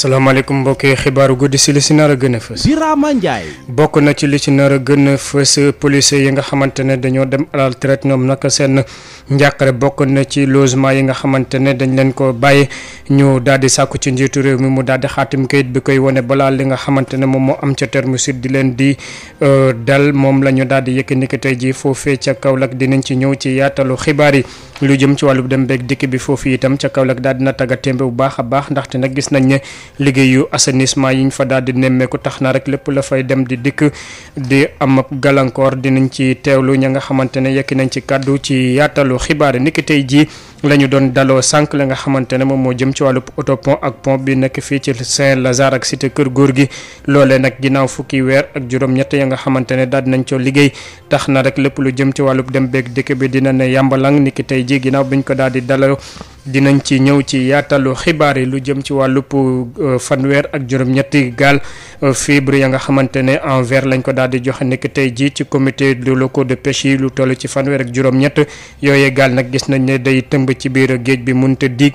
salaamaaleykum mbokk yi xibaaru guddi si li si nar a gën a fës. Birama Ndiaye. bokk na ci li ci nar a gën fës policiers yi nga xamante ne dañoo dem à la retraite ñoom nag seen njàqare bokk na ci logement yi nga xamante ne dañ leen ko bàyyi ñu daal di sàkku ci njiitu réew mi mu daal di xaatim kayit bi koy wone balaa li nga xamante ne moom moo am ca terme sud di leen di euh, dal moom la ñu daal di yëkkandi tey jii foofee ca Kaolack dinañ ci ñëw ci yaatalu xibaar yi. lu jëm ci wàllu dem beeg dikk bi foofu itam ca Kaolack daal dina tagga témbe bu baax a baax ndaxte nag gis nañ ne liggéeyu assainissement yi ñu fa daal di nemmeeku tax na rek lépp la fay dem di dikk di am ab gàllankoor dinañ ci teewlu ña nga xamante ne yekki nañ ci kàddu ci yaatalu xibaar niki tey jii la ñu doon daloo sànq la nga xamante ne moom moo jëm ci wàllu autopont ak pont bi nekk fii ci Saint-Lazare ak cité Kër Góor gi loolee nag ginnaaw fukki weer ak juróom-ñett ya nga xamante ne daal dinañ coo liggéey tax na rek lépp lu jëm ci wàllu dem beeg dëkk bi dina ne yàmbalang ni ki tey ji ginnaaw biñ ko daal di daloo dinañ ci ñëw ci yaatalu xibaar yi lu jëm ci wàllu euh, fanweer ak juróom-ñetti gaal fibre ya nga xamante ne en verre lañ ko daal di joxe nekk tey jii ci comité de ko de pêche yi lu toll ci fanweer ak juróom-ñett yooyee gaal nag gis nañ ne day tëmb ci biir géej bi mënut a diig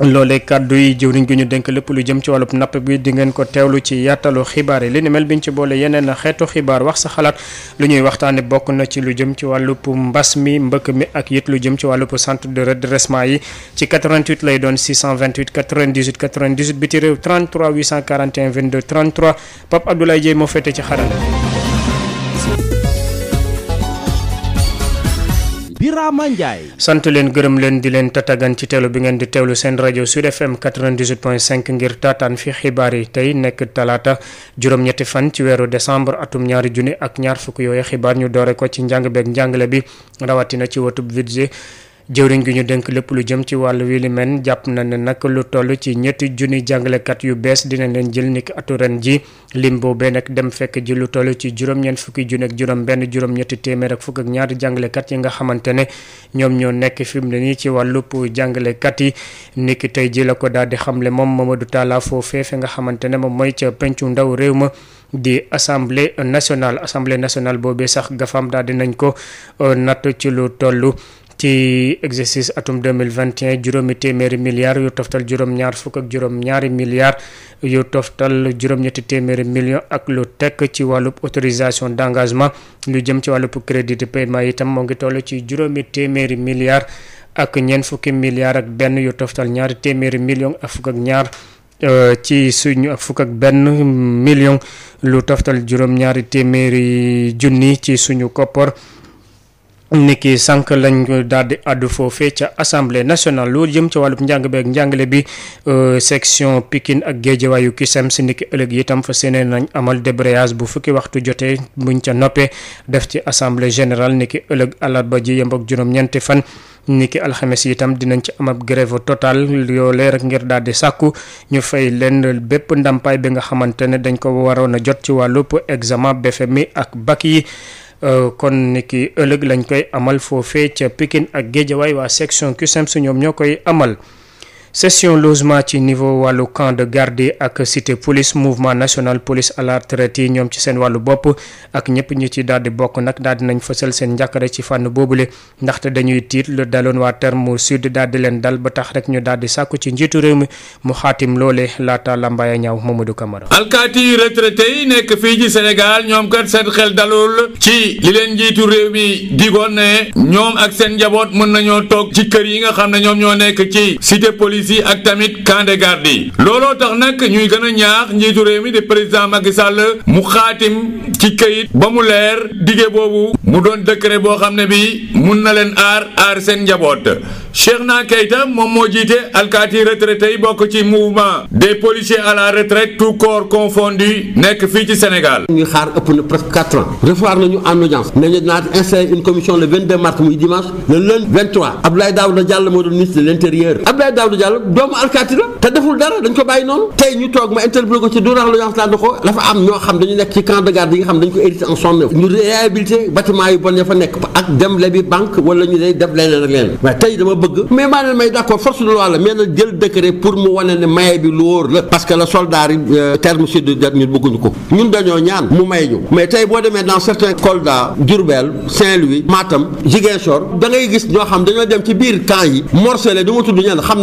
loolee kàddu yi jëwriñ gi ñu dénk lépp lu jëm ci wàllub napp bi di ngeen ko teewlu ci yattalu xibaar yi li ni mel ci boole yeneen xeetu xibaar wax sa xalaat lu ñuy waxtaane bokk na ci lu jëm ci wàllu wàllub mbas mi mbëkk mi ak yit lu jëm ci wàllub centre de redressement yi ci 88 lay doon 628 98 98 biti réew 33 841 22 33 Pape Abdoulaye Dieye moo féete ci xarala Birama Ndiaye. sant leen gërëm leen di leen tatagan ci teelu bi ngeen di teelu seen rajo Sud FM 98.5 ngir taataan fi xibaar yi tey nekk talaata juróom-ñetti fan ci weeru décembre atum ñaari junni ak ñaar fukk yooyu xibaar ñu doore ko ci njàng beeg njàngale bi rawatina ci watub budget jëwriñ gi ñu dënk lépp lu jëm ci wàll wi li jàpp na ne nag lu toll ci ñetti junni jàngalekat yu bees dina leen jël niki atu ren ji lim boobee nag dem fekk ji lu toll ci juróom-ñeent fukki junni ak juróom benn juróom-ñetti téeméer ak fukk ak ñaari jàngalekat yi nga xamante ne ñoom ñoo nekk fi mu ne nii ci wàllub jàngalekat yi niki tey ji la ko daal di xamle moom Mamadou Talla foofee fi nga xamante ne moom mooy ca pencu ndaw réew ma di assemblée nationale assemblée nationale boobee sax gafam daal dinañ ko uh, natt ci lu toll ci exercice atum mille 2021 juróomi téeméeri milliards yu toftal juróom ñaar fukk ak juróom ñaari milliards yu toftal juróom ñetti téeméeri million ak lu tekk ci wàllub autorisation d'engagement lu jëm ci wàllub crédit de paiement itam moo ngi toll ci juróomi téeméeri milliards ak ñeent fukki milliards ak benn yu toftal ñaari téeméeri million ak fukk ak ñaar euh, ci suñu ak fukk ak benn million lu toftal juróom ñaari téeméeri junni ci suñu koppar niki sànq lañ daal di àddu foofee ca assemblée nationale loolu jëm ca wàllub njàng beeg njàngale bi euh, section Pikine ak géejewaayu kisam si niki ëllëg itam fa seenee nañ amal débrayage bu fukki waxtu jotee buñ ca noppee def ci assemblée général niki ëllëg àllarba ji yem ak juróom-ñeenti fan. niki alxames yi itam dinañ ci am ab grève total yoolee rek ngir daal di sàkku ñu fay leen bépp ndàmpaay bi nga xamante ne dañ ko waroon a jot ci wàllub examen BFEM ak bac yi. Euh, kon niki ëllëg lañ koy amal foofee ca Pikine ak Géejawaay waa section CUSEMS ñoom ñoo koy amal session logement ci niveau wàllu camp de garde ak cité police mouvement national police à yi ñoom ci seen wàllu bopp ak ñëpp ñu ci daal di bokk nag daal di nañ fësal seen njàkkare ci fànn boobule ndaxte dañuy tiit lu daloon waa terme sud daal di leen dal ba tax rek ñu daal di sàkku ci njiitu réew mi mu xaatim loole laata lambaya ñaaw Mamadou Camara. alkaati retraité yi nekk fii ci Sénégal ñoom kat seen xel dalul ci li leen njiitu réew mi digoon police tamit camp de garde yi looloo tax nag ñuy gën a ñaax njiitu réew mi di président Macky Sall mu xaatim ci kayit ba mu leer dige boobu mu doon décret boo xam ne bi mun na leen aar aar seen njaboot Cheikhna Keita moom moo jiite alkaati retraités yi bokk ci mouvement des policiers à la retraite tout corps confondu nekk fii ci Sénégal. ñuy xaar ëpp na presque quatre ans recevoir nañu en audience nañu naat installé une commission le 22 mars muy dimanche le lundi 23 Abdoulaye Daouda Diallo moo Sénégal doomu alkaati la te deful dara dañ ko bàyyi noonu tey ñu toog ma interpellé ko ci du rax lu ñax laan ko dafa am ñoo xam dañu nekk ci camp de garde yi nga xam dañ ko hérité en 69 ñu réhabilité bâtiment yu bon ya fa nekk ak dem lebi banque wala ñu day def leneen ak leneen waaye tey dama bëgg mais maa leen may d'accord force de loi la mais jël décret pour mu wane ne maye bi lu wóor la parce la soldat yi euh, terme sud de ñun bëgguñu ko ñun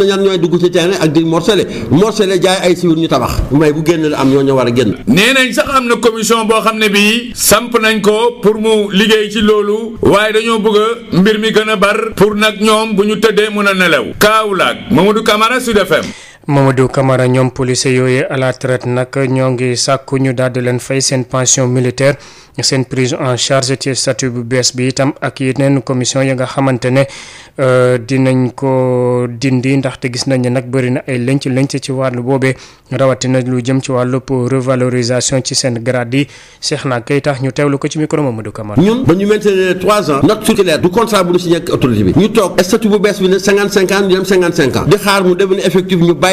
da ñooy dugg ci terrain ak di morcelé morcelé jaay ay siwir ñu tabax may bu génn la am ñoo ñoo war a génn. nee nañ sax am na commission boo xam ne bii samp nañ ko pour mu liggéey ci loolu waaye dañoo bëgg a mbir mi gën a bar pour nag ñoom bu ñu tëddee mën a nelaw Kaolack Mamadou Camara Sud FM Mamadou Camara ñoom police yooyu à nag ñoo ngi sàkku ñu daal di leen fay seen pension militaire seen prise en charge ci statut bu bees bi itam ak yeneen commission yi nga xamante ne euh, dinañ ko dindi ndaxte gis nañ ne nag bëri na ay lënc lënc ci wàllu boobee rawatina lu jëm ci wàllu pour revalorisation ci seen grade yi seex naa kay tax ñu teewlu ko ci micro Mamadou Camara. ñun ba ñu maintenir trois ans note tutélaire du contrat bu ñu signé ak autorité bees bi ne cinquante cinq ans ñu dem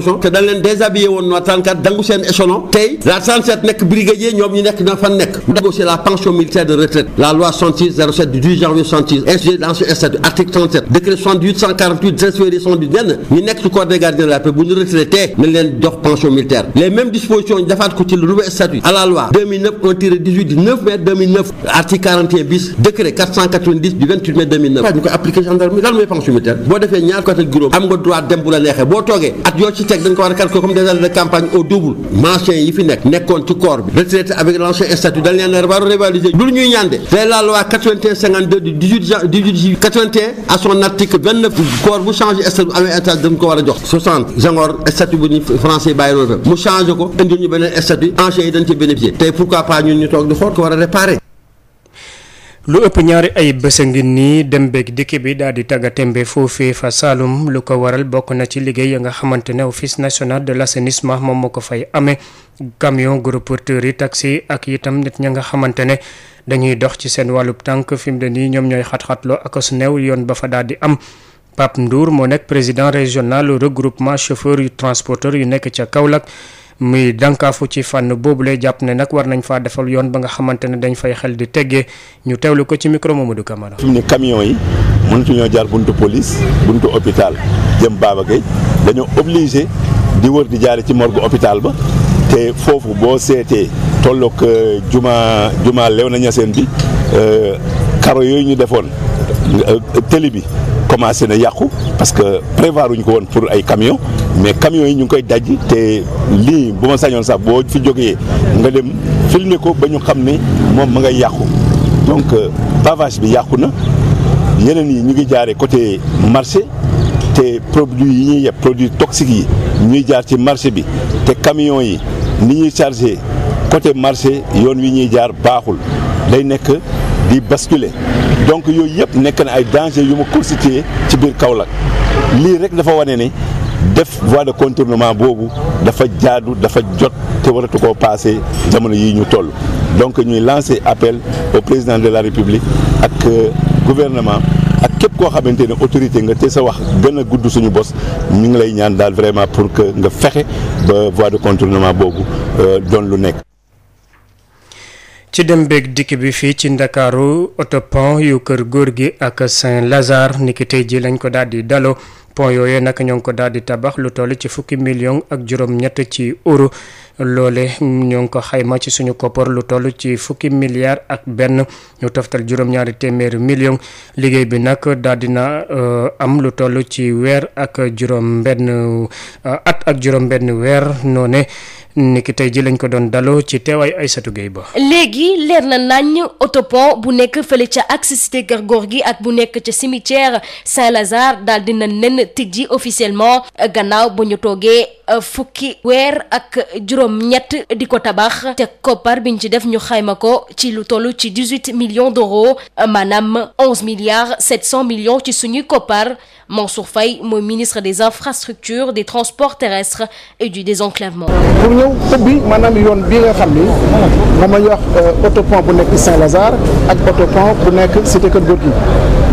promotion te dañ leen déshabillé woon no 34 dangu seen échelon tey la 37 nekk brigadier ñoom ñu nekk na fan nekk négocier la pension militaire de retraite la loi 66 nekk ci corps de la paix bu ñu retraité nañ leen jox pension militaire les mêmes dispositions defaat ko ci le nouveau statut à la loi 2009 1 tiré 18 du 9 mai 2009 article 41 bis décret 490 du 28 mai 2009 ñu koy appliqué gendarmerie lan mooy pension militaire boo defee ñaar côté juróom am ñu teg dañ ko war a calculer comme des années de campagne au double mention yi fi nekk nekkoon ci corps bi retraité avec l'ancien statut dañ leen a war a révaliser ñuy ñaande tey la loi 81 52 du 18 jan 18 juillet 81 à corps bu changé statut bu amee état dañ ko war a jox 60 Senghor statut bu ñu français bàyyi loolu mu changé ko indil ñu beneen statut ancien yi dañ ci bénéficier tey pourquoi pas ñu toog lu ëpp ñaari ay bés a ngi nii dem beeg dikk bi daal di tagga tembe fa Saloum lu ko waral bokk na ci liggéey ya nga xamante ne office national de la l'assainissement moom ma ko fay amee camion gros porteurs yi taxi ak itam nit ña nga xamante ne dañuy dox ci seen wàllub tànk fi mu ne nii ñoom ñooy xat-xatloo ak su néew yoon ba fa daal di am Pape Ndour moo nekk président régional regroupement chauffeur yu transporteur yu nekk ca Kaolack muy dànkaafu ci fànn boobu lay jàpp ne nag war nañ faa defal yoon ba nga xamante ne dañ fay xel di teggee ñu teewlu ko ci micro Mamadou Camara. fi mu ni camion yi ñoo jaar buntu police buntu hôpital jëm baaba Gueye dañoo obligé di wër di jaare ci morgue hôpital ba te foofu boo seetee tolloog euh, jumaa juma Léona Niassène bi euh, karo yooyu ñu defoon euh, tëli bi. commencé na yàqu parce que prévoir ñu ko woon pour ay camions mais camions yi ñu ngi koy daj te lii bu ma sañoon sax boo fi jógee nga dem filmer ko ba ñu xam ni moom ma ngay yàqu donc euh, pavage bi yàqu na yeneen yi ñu ngi jaaree côté marché te produit yi ñuy yeb produit toxique yi ñuy jaar ci marché bi te camions yi ni ñuy chargé côté marché yoon wi ñuy jaar baaxul day nekk di basculer donc yooyu yëpp nekk na ay danger yu ma constitué ci biir Kaolack lii rek dafa wane ni def voie de contournement boobu dafa jaadu dafa jot te waratu ko passé jamono yi ñu toll donc ñuy lancer appel au président de la république ak euh, gouvernement ak képp koo xamante ne autorité nga te sa wax gën a gudd suñu bos ñu ngi lay ñaan daal vraiment pour que nga fexe ba voie de contournement boobu euh, doon lu nekk ci dem beeg dikk bi fii ci ndakaaru oto autopont yu kër góor gi ak Saint Lazare niki tey ji lañ ko daal di daloo pont yooyu nag ñoo ngi ko daal di tabax lu toll ci fukki million ak juróom-ñett ci euro loole ñoo ngi ko xayma ci suñu koppar lu toll ci fukki milliards ak benn ñu toftal juróom-ñaari téeméeri million liggéey bi nag daal dina euh, am lu toll ci weer ak juróom-benn euh, at ak juróom-benn weer noone niki tey ji lañ ko doon daloo ci teewaay Aysatu Gueye ba léegi leer na nañ autopont bu nekk fële ca axe cité Keur Gorgui ak bu nekk ca cimetière Saint-Lazare daal dina nen tijji officiellement gannaaw ba ñu toogee euh, fukki weer ak juróom-ñett di ko tabax te koppar biñ ci def ñu xayma ko ci lu toll ci dix-huit millions d'euros euh, maanaam onze milliards sept cent millions ci suñuy koppar. Mansour fay mooy ministre des infrastructures des transports terrestres et du désenclavement. pour ñëw ubbi maanaam yoon bi nga xam ni moom ma ñuy wax euh, autopont bu nekk Saint-Lazare ak autopont bu nekk Cité Kër Gorgui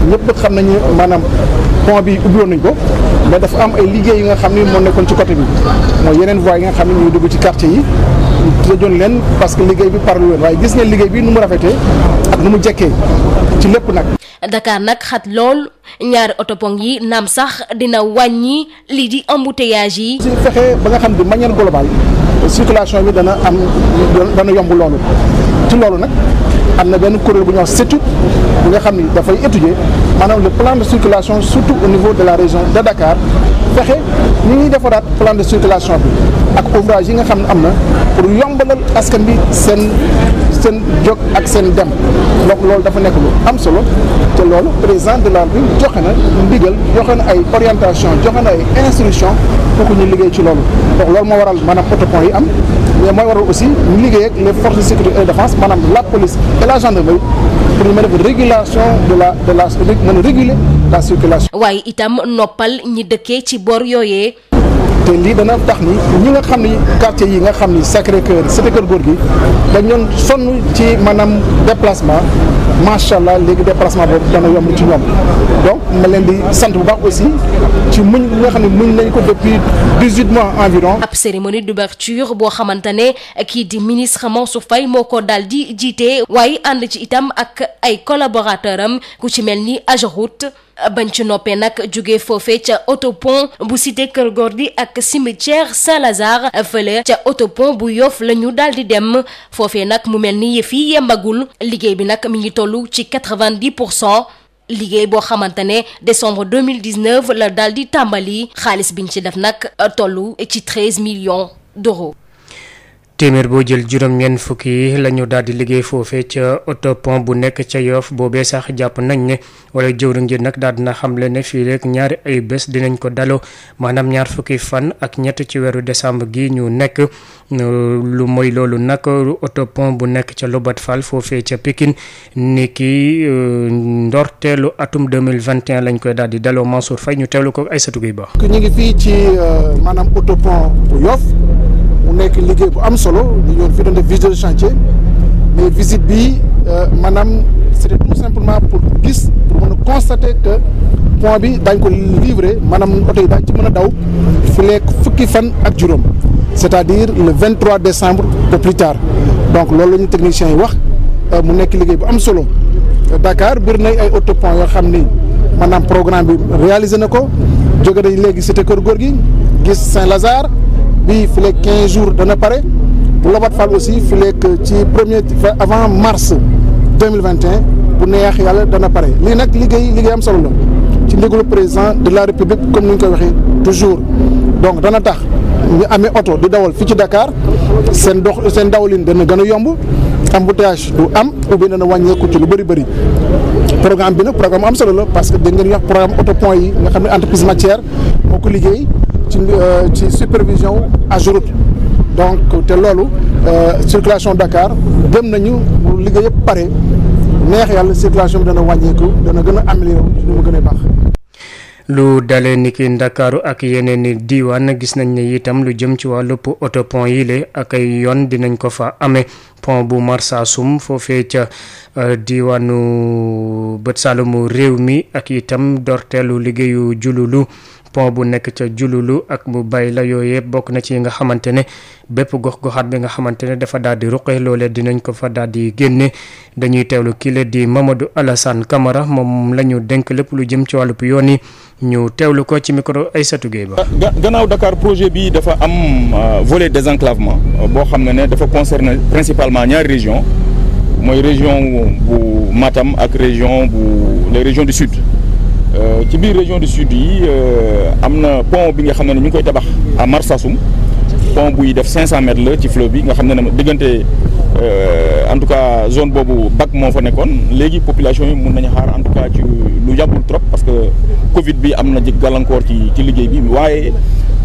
ñëpp xam maanaam pont bi ubbiwoon nañ ko mais dafa am ay liggéey yi nga xam ni moo nekkoon ci côté bi mooy yeneen voies yi nga xam ne ñuy dugg ci quartier yi tëjoon leen parce que liggéey bi parlu woon waaye gis ngeen liggéey bi nu mu rafetee. nu mu jekkee ci lépp nag. Dakar nag xat lool ñaari autopont yi naam sax dina wàññi lii di embouteillage yi. suñu fexee ba nga xam ne manière globale circulation bi dana am dana yomb loolu ci loolu nag am na benn kuréel bu ñuy wax bu nga xam ni dafay étudier maanaam le plan de circulation surtout au niveau de la région de Dakar fexe ni ñuy defaraat plan de circulation bi ak ouvrage yi nga xam ne am na pour yombalal askan bi seen. seen jóg ak seen dem donc loolu dafa nekk lu am solo te loolu président de la République joxe na ndigal joxe na ay orientation joxe na ay instruction pour ñu liggéey ci loolu donc loolu moo waral maanaam protocole yi am mais mooy waral aussi ñu liggéey ak les forces de sécurité et de défense maanaam la police et la gendarmerie pour a def régulation de la de la réguler la circulation. waaye itam noppal ñi dëkkee ci boor yooyee. te lii dana tax ni ñi nga xam ni quartier yi nga xam ni Sacré Cœur Cité Keur Gorgui dañ doon sonn ci maanaam déplacement macha allah léegi déplacement boobu dana yomb ci ñoom donc ma leen di sant bu baax aussi ci muñ li nga xam ne muñ nañ ko depuis dix-huit mois environ. ab cérémonie d'ouverture boo xamante ne kii di ministre su Faye moo ko daal di jiite waaye ànd ci itam ak ay collaborateur am ku ci mel ni Ageroute bañ ci noppee nag jóge foofee ca autopont ak cimetière Saint-Lazare fële ca autopont bu Yoff la ñu daal dem foofe nag mu mel ni yëf yi yembagul liggéey bi nag mi ngi toll ci quatre-vingt-dix pour cent liggéey boo xamante ne décembre deux mille dix-neuf la daal di tàmbali xaalis biñ ci def nag toll ci treize millions d'euros. téeméer boo jël juróom-ñeent fukk yi la ñu daal di liggéey foofee ca autopont bu nekk ca yoof boobee sax jàpp nañ ne wala jëwriñ ji nag daal dina xamle ne fii rek ñaari ay bés dinañ ko daloo maanaam ñaar fukki fan ak ñett ci weeru décembre gi ñu nekk lu mooy loolu nag autopont bu nekk ca Lobat Fall foofee ca pikin ni ki euh, ndorteelu atum 2021 lañ koy daal di daloo Mansour Faye ñu teelu ko Aïssatou Gueye Ba ñu mu nekk liggéey bu am solo ñu ñoon fii doon def de chantier mais visite bi euh, maanaam c'était tout simplement pour gis pour mën a constater que pont bi daañ ko livré maanaam oto yi daañ ci mën a daw fu lekk fukki fan ak juróom c'est-à-dire le 23 décembre au plus tard donc loolu la ñu techniciens yi wax euh, mu nekk liggéey bu am solo Dakar bir nay ay autopont yoo xam ni maanaam programme bi réalisé na ko jóge nañ léegi cité Keur Gorgui gis Saint-Lazare bii fileeg 15 jours dana pare bu Lobat Fall aussi fileeg ci premier avant mars 2021 bu neex yàlla dana pare lii nag liggéey liggéey am solo la ci ndigalu président de la république comme ni ñu koy waxee toujours donc dana tax ñu amee oto di dawal fii ci dakaar seen dox seen dawalin dana gën a yomb embouteillage du am ou bien dana wàññeeku ci lu bëri bëri programme bi nag programme am solo la parce que da ngeen wax programme auto point yi nga xam ne entreprise matière moo ko liggéey. ci euh, ci supervision AGEROUTE donc te loolu euh, circulation Dakar gëm nañu bu liggéey yëpp pare neex yàlla circulation bi dana wàññeeku dana gën a ci nu mu gën a baax. lu dalee ni ki ndakaaru ak yeneen i diiwaan gis nañ ne itam lu jëm ci wàllub autopont yi le ak ay yoon dinañ ko fa amee pont bu marsasum foofee ca euh, diiwaanu bët saalumu réew mi ak itam dorteelu liggéeyu jululu pont bu nekk ca jululu ak bu bay la yooyu yëpp bokk na ci nga xamante ne bépp gox-goxaat bi nga xamante ne dafa daal di ruqe loolee dinañ ko fa daal di génne dañuy teewlu kii la di Mamadou Alassane kamara moom la ñu dénk lépp lu jëm ci wàllu yoon yi ñu teewlu ko ci micro satu Gueye ba. gannaaw Dakar projet bi dafa am euh, volet désenclavement euh, boo xam ne dafa concerner principalement ñaari région mooy région bu Matam ak région bu les régions du sud. Euh, ci biir région du sud yi euh, am na pont bi nga xam ne ñu ngi koy tabax à Marsassoum pont buy def 500 mètres la ci fleuve bi nga xam ne diggante euh, en tout cas zone boobu bag moo fa nekkoon léegi population yi mun nañu xaar en tout cas ci lu yàggul trop parce que Covid bi am na ji gàllankoor ci ci liggéey bi waaye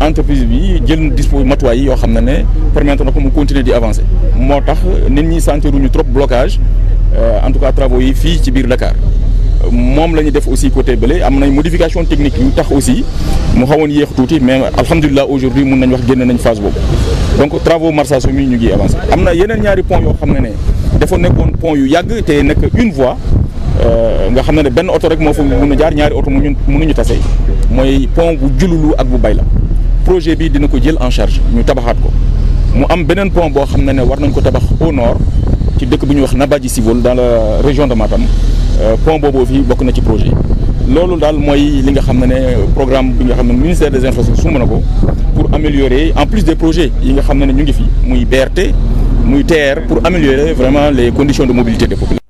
entreprise bi jël na dispo matuwaay yi yoo xam ne ne permettre na ko mu continuer di avancer moo tax nit ñi sentiruñu trop blocage en tout cas travaux yi fii ci biir Dakar. moom la ñu def aussi côté bële am nañ modification technique yu tax aussi mu xawoon yéex tuuti mais alhamdulilah aujourd'hui mun nañ wax génn nañ phase boobu donc travaux marsage mi ñu ngi avancé am na yeneen ñaari pont yoo xam ne ne dafa nekkoon pont yu yàgg te nekk une voie euh, nga xam ne ne benn oto rek moo fa mun a jaar ñaari oto mu mënuñu tase mooy pont bu jululu ak bu bay la projet bi dina ko jël en charge ñu tabaxaat ko mu am beneen pont boo xam ne ne war nañ ko tabax au nord ci dëkk bu ñuy wax Nabadji Civol dans la région de Matam Euh, pont booboo fi bokk na ci projet loolu daal mooy li nga xam ne ne programme bi nga xam ne ministère des infrastructures sumb na ko pour améliorer en plus des projets yi nga xam ne ne ñu ngi fi muy BRT muy TER pour améliorer vraiment les conditions de mobilité des populations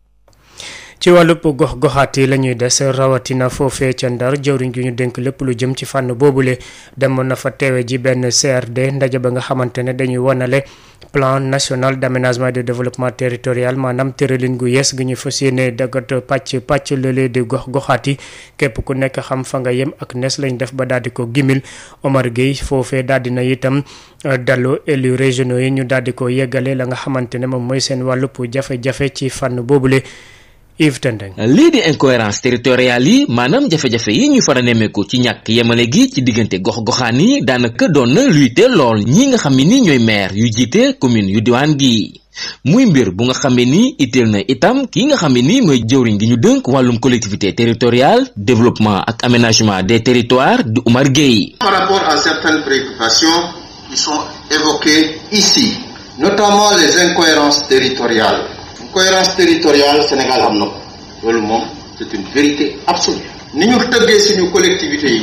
ci wàllub gox-goxaat yi la ñuy des rawatina foofee ca Ndar jëwriñ gi ñu dénk lépp lu jëm ci fànn boobule demoon na fa teewe ji benn CRD ndaje ba nga xamante ne dañuy wanale plan national d'aménagement et de développement territorial maanaam tëralin gu yees gi ñu fas yéene dagat pàcc pàcc lëlee di gox goxaat yi képp ku nekk xam fa nga yem ak nes lañ def ba daal di ko gimil Omar Gueye foofee daal di na itam euh, daloo élus régionaux yi ñu daal di ko yeggale la nga xamante ne moom mooy seen wàllub jafe-jafe ci fànn boobule. Yves Tendeng lii di incohérence territoriale yi maanaam jafe-jafe yi ñu fara nemmeeku ci ñàkk yemale gi ci diggante gox-goxaan yi daanaka doon na luy te lool ñi nga xam ne ni ñooy maire yu jiite commune yu diwaan gi muy mbir bu nga xamee ni itteel na itam ki nga xamee ni mooy jëwriñ gi ñu dënk wàllum collectivité territoriale développement ak aménagement des territoires di Oumar Gueye. par rapport à certaines préoccupations qui sont évoquées ici notamment les incohérences cohérence territoriale Sénégal am na ko loolu moom c'est une vérité absolue ni ñu tëggee suñu collectivité yi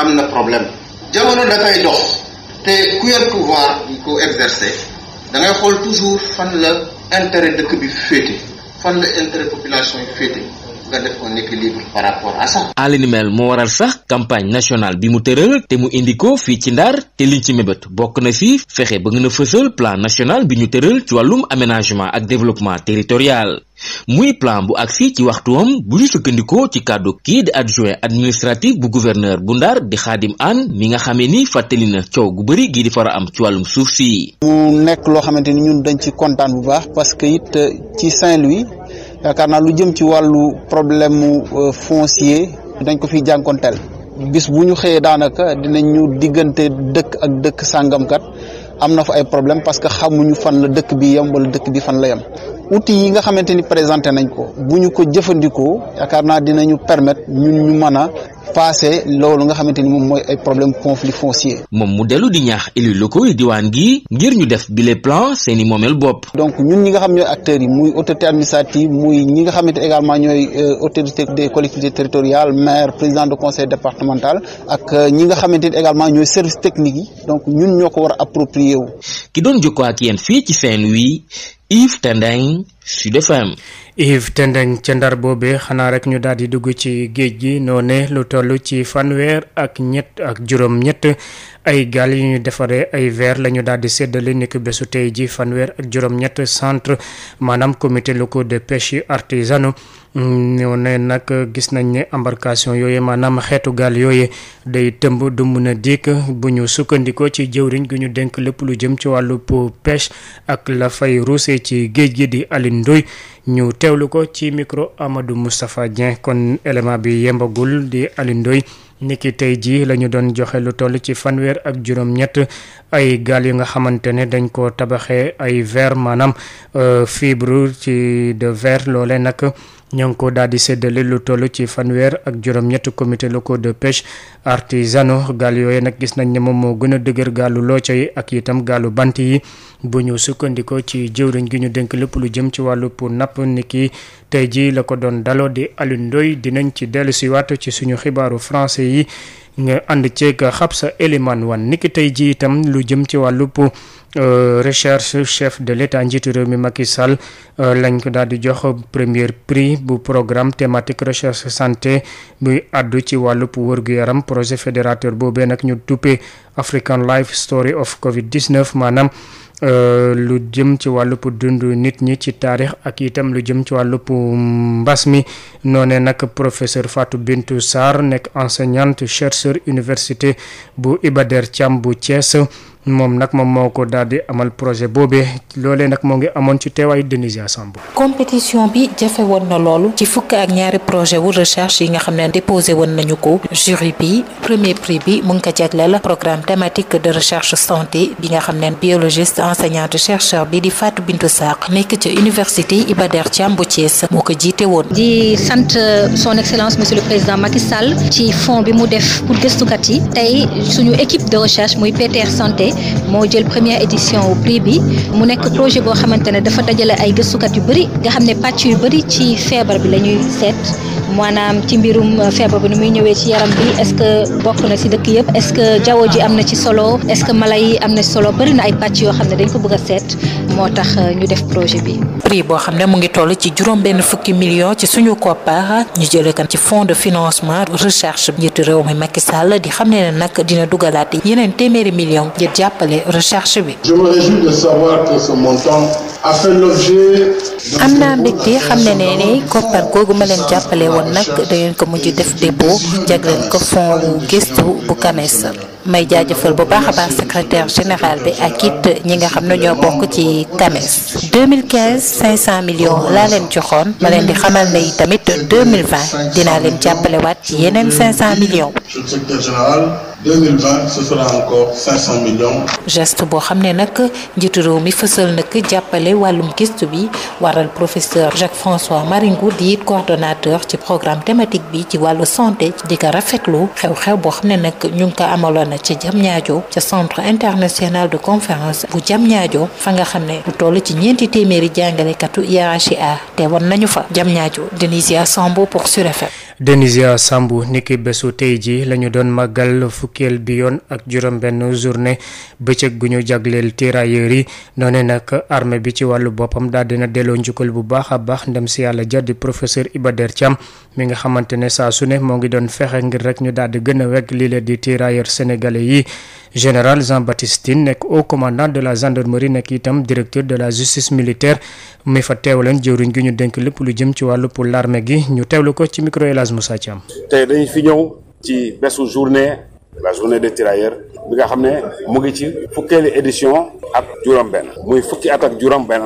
am na problème jamono dafay dox te ku yor pouvoir di ko exercer da ngay xool toujours fan la intérêt dëkk bi féete fan la intérêt population yi féete nga def un mel moo waral sax campagne nationale bi mu tëral te mu indi ko fii ci Ndar te liñ ci mébét bokk na fi fexe ba gën a fësal plan national bi ñu tëral ci wàllum aménagement ak développement territorial. muy plan bu agsi ci waxtuwam bu ñu sukkandikoo ci kàddu kii di adjoint administratif bu gouverneur bu Ndar di Xaadim An mi nga xamee ni fàttali na coow gu bëri gii di fara am ci wàllum suuf si. mu nekk loo xamante ni ñun dañ ci kontaan bu baax parce que it ci saint yaakaar na lu jëm ci wàllu problème mu euh, foncier dañ ko fi jànkonteel bis bu ñu xëyee daanaka dinañ ñu diggante dëkk ak dëkk sàngamkat am na fa ay problème parce que xamuñu fan la dëkk bi yem wala dëkk bi fan la yam outils yi nga xamante ni présenté nañ ko bu ñu ko jëfandikoo yaakaar naa dinañu permettre ñun ñu mën a passé loolu nga xamante ni moom mooy ay problème conflit foncier. moom mu dellu di ñaax élus locaux diwaan gi ngir ñu def bi les plans seeni moomeel bopp. donc ñun ñi nga xam ñooy acteurs yi muy autorité administrative muy ñi nga xamante également ñooy euh, autorité des collectivités territoriales maire président de conseil départemental ak euh, ñi nga xamante ni également ñooy service technique yi donc ñun ñoo ko war a approprier wu. doon jokkoo ak yéen fii ci Saint-Louis Yves Tendeng Sud FM. Yves Tendeng ca ndar boobee xanaa rek ñu daal di dugg ci géej gi noo ne lu toll ci fanweer ak ñett ak juróom ay gaal yu ñu defaree ay veer la ñu daal di séddale ni ki bésu tey ji fanweer ak juróom-ñett centre maanaam comité local de pêche artisanaux. ñoo ne nag gis nañ ne embarcation yooyu maanaam xeetu gaal yooyu day tëmb dumb na a dikk bu ñu sukkandikoo ci jëwriñ gu ñu dénk lépp lu jëm ci wàllu pêche ak lafay fay ci géej gi di alindooy Ndoye ñu teewlu ko ci micro Amadou Moustapha Dieng kon élément bi yembagul di alindooy Ndoye niki tey jii la ñu doon joxe lu toll ci fanweer ak juróom-ñett ay gaal yi nga xamante ne dañ ko tabaxee ay verre maanaam euh, fibre ci de verre loole nag ñoo ngi ko daal di séddale lu toll ci fanweer ak juróom-ñett comité locaux de pêche artisanaux gaal yooyu nag gis nañ ne moom moo gën a dëgër gaalu looco ak itam gaalu bant yi bu ñu sukkandikoo ci jëwriñ gi ñu dénk lépp lu jëm ci wàllu pour napp ni ki tey ji la ko doon daloo di Alioune Ndoye dinañ ci dellusiwaat ci suñu xibaaru français yi nga ànd ceeg sa Eliman wan niki tey ji itam lu jëm ci wàllu wàllub euh, recherche chef de l'état njiitu réew mi Macky Sall euh, lañ ko daal di jox premier prix bu programme thématique recherche santé muy àddu ci wàllub wërgu-yaram projet fédérateur boobee nag ñu duppee African Life Story of Covid 19 maanaam Euh, lu jëm ci wàllub dund nit ñi ci taarix ak itam lu jëm ci wàllu wàllub mbas mi noonee nag professeur Fatou Bintou Sarr nekk enseignante chercheur université bu Iba Der bu Thiès. moom nag moom moo ko daal di amal projet boobee loolee nag moo ngi amoon ci teewaayu Denisia Samb. compétition bi jafe woon na loolu. ci fukk ak ñaari projet wu recherche yi nga xam ne déposé woon nañu ko jury bi premier prix bi mu ngi ko jagleel programme thématique de recherche santé bi nga xam ne biologiste enseignante chercheur bi di Fatou Bintou Sakh nekk ca université Iba Der Thiam bu Thiès moo ko jiite woon. di sant euh, son excellence monsieur le président Macky bi mu def yi tey suñu moo jël première édition prix bi mu nekk projet boo xamante ne dafa dajale ay gëstukat yu bëri nga xam ne pàcc yu bëri ci feebar bi la ñuy seet maanaam ci mbirum euh, feebar bi nu muy ñëwee ci yaram bi est-ce que bokk na si dëkk yëpp est-ce que jaww ji am na ci solo est-ce que mala yi am na solo bëri na ay pàcc yoo xam ne dañ ko bëgg a seet moo tax euh, ñu def projet bi. prix boo xam ne mu ngi toll ci juróom benn fukki million ci suñu koppar ñu jëlee kan ci fonds de financement recherche njiitu réew mi Macky Sall di xam ne nag dina dugalaat yeneen téeméeri million jàppale recherche bi. je me réjouis am naa mbégte xam ne ne ni koppar googu ma leen jàppale woon nag da ngeen ko mujj def dépôt jagleel ko fonds wu gëstu bu CANES. may jaajëfal bu baax a baax secrétaire général bi ak it ñi nga xam ne ñoo bokk ci CAMES. 2015 500 millions laa leen joxoon ma leen di xamal ne tamit 2020 dinaa leen jàppale waat ci yeneen 500 millions. secrétaire boo xam ne nag njiitu réew mi fësal nag jàppale wàllum gistu bi waral professeur Jacques-François Maringou di coordonnateur ci programme thématique bi ci wàllu santé di ko rafetlu xew-xew boo xam ne nag ñu ngi ko amaloon. na ci Diamniadio ca centre international de conférence bu jam Diamniadio fa nga xam ne lu toll ci ñeenti téeméeri jàngalekatu IHA teewoon nañu fa Diamniadio Denisia Sambo pour Sud FM Denisia Sambou niki bésu tey ji la ñu doon màggal fukkeel bi yoon ak juróom-benn journée bëccëg gu ñu jagleel tirailleurs yi noone nag armée bi ci wàllu boppam daal na delloo njukkal bu baax a baax ndem si yàlla ja di professeur Iba Der Thiam mi nga xamante ne saa su ne moo ngi doon fexe ngir rek ñu daal di gën a wegg lii la di tirailleurs sénégalais yi. général Jean-Baptiste Tine nekk haut commandant de la gendarmerie nekk itam directeur de la justice militaire mi fa teewaleen jëwriñ gi ñu dénk lépp lu jëm ci wàllu pour l'armée gi ñu teewlu ko ci micro El Hadj Moussa Thiam. tey dañu fi ñëw ci bésu journée la journée des tirailleurs bi nga xam ne mu ngi ci fukkeeli édition ak juróom-benn muy fukki at ak juróom-benn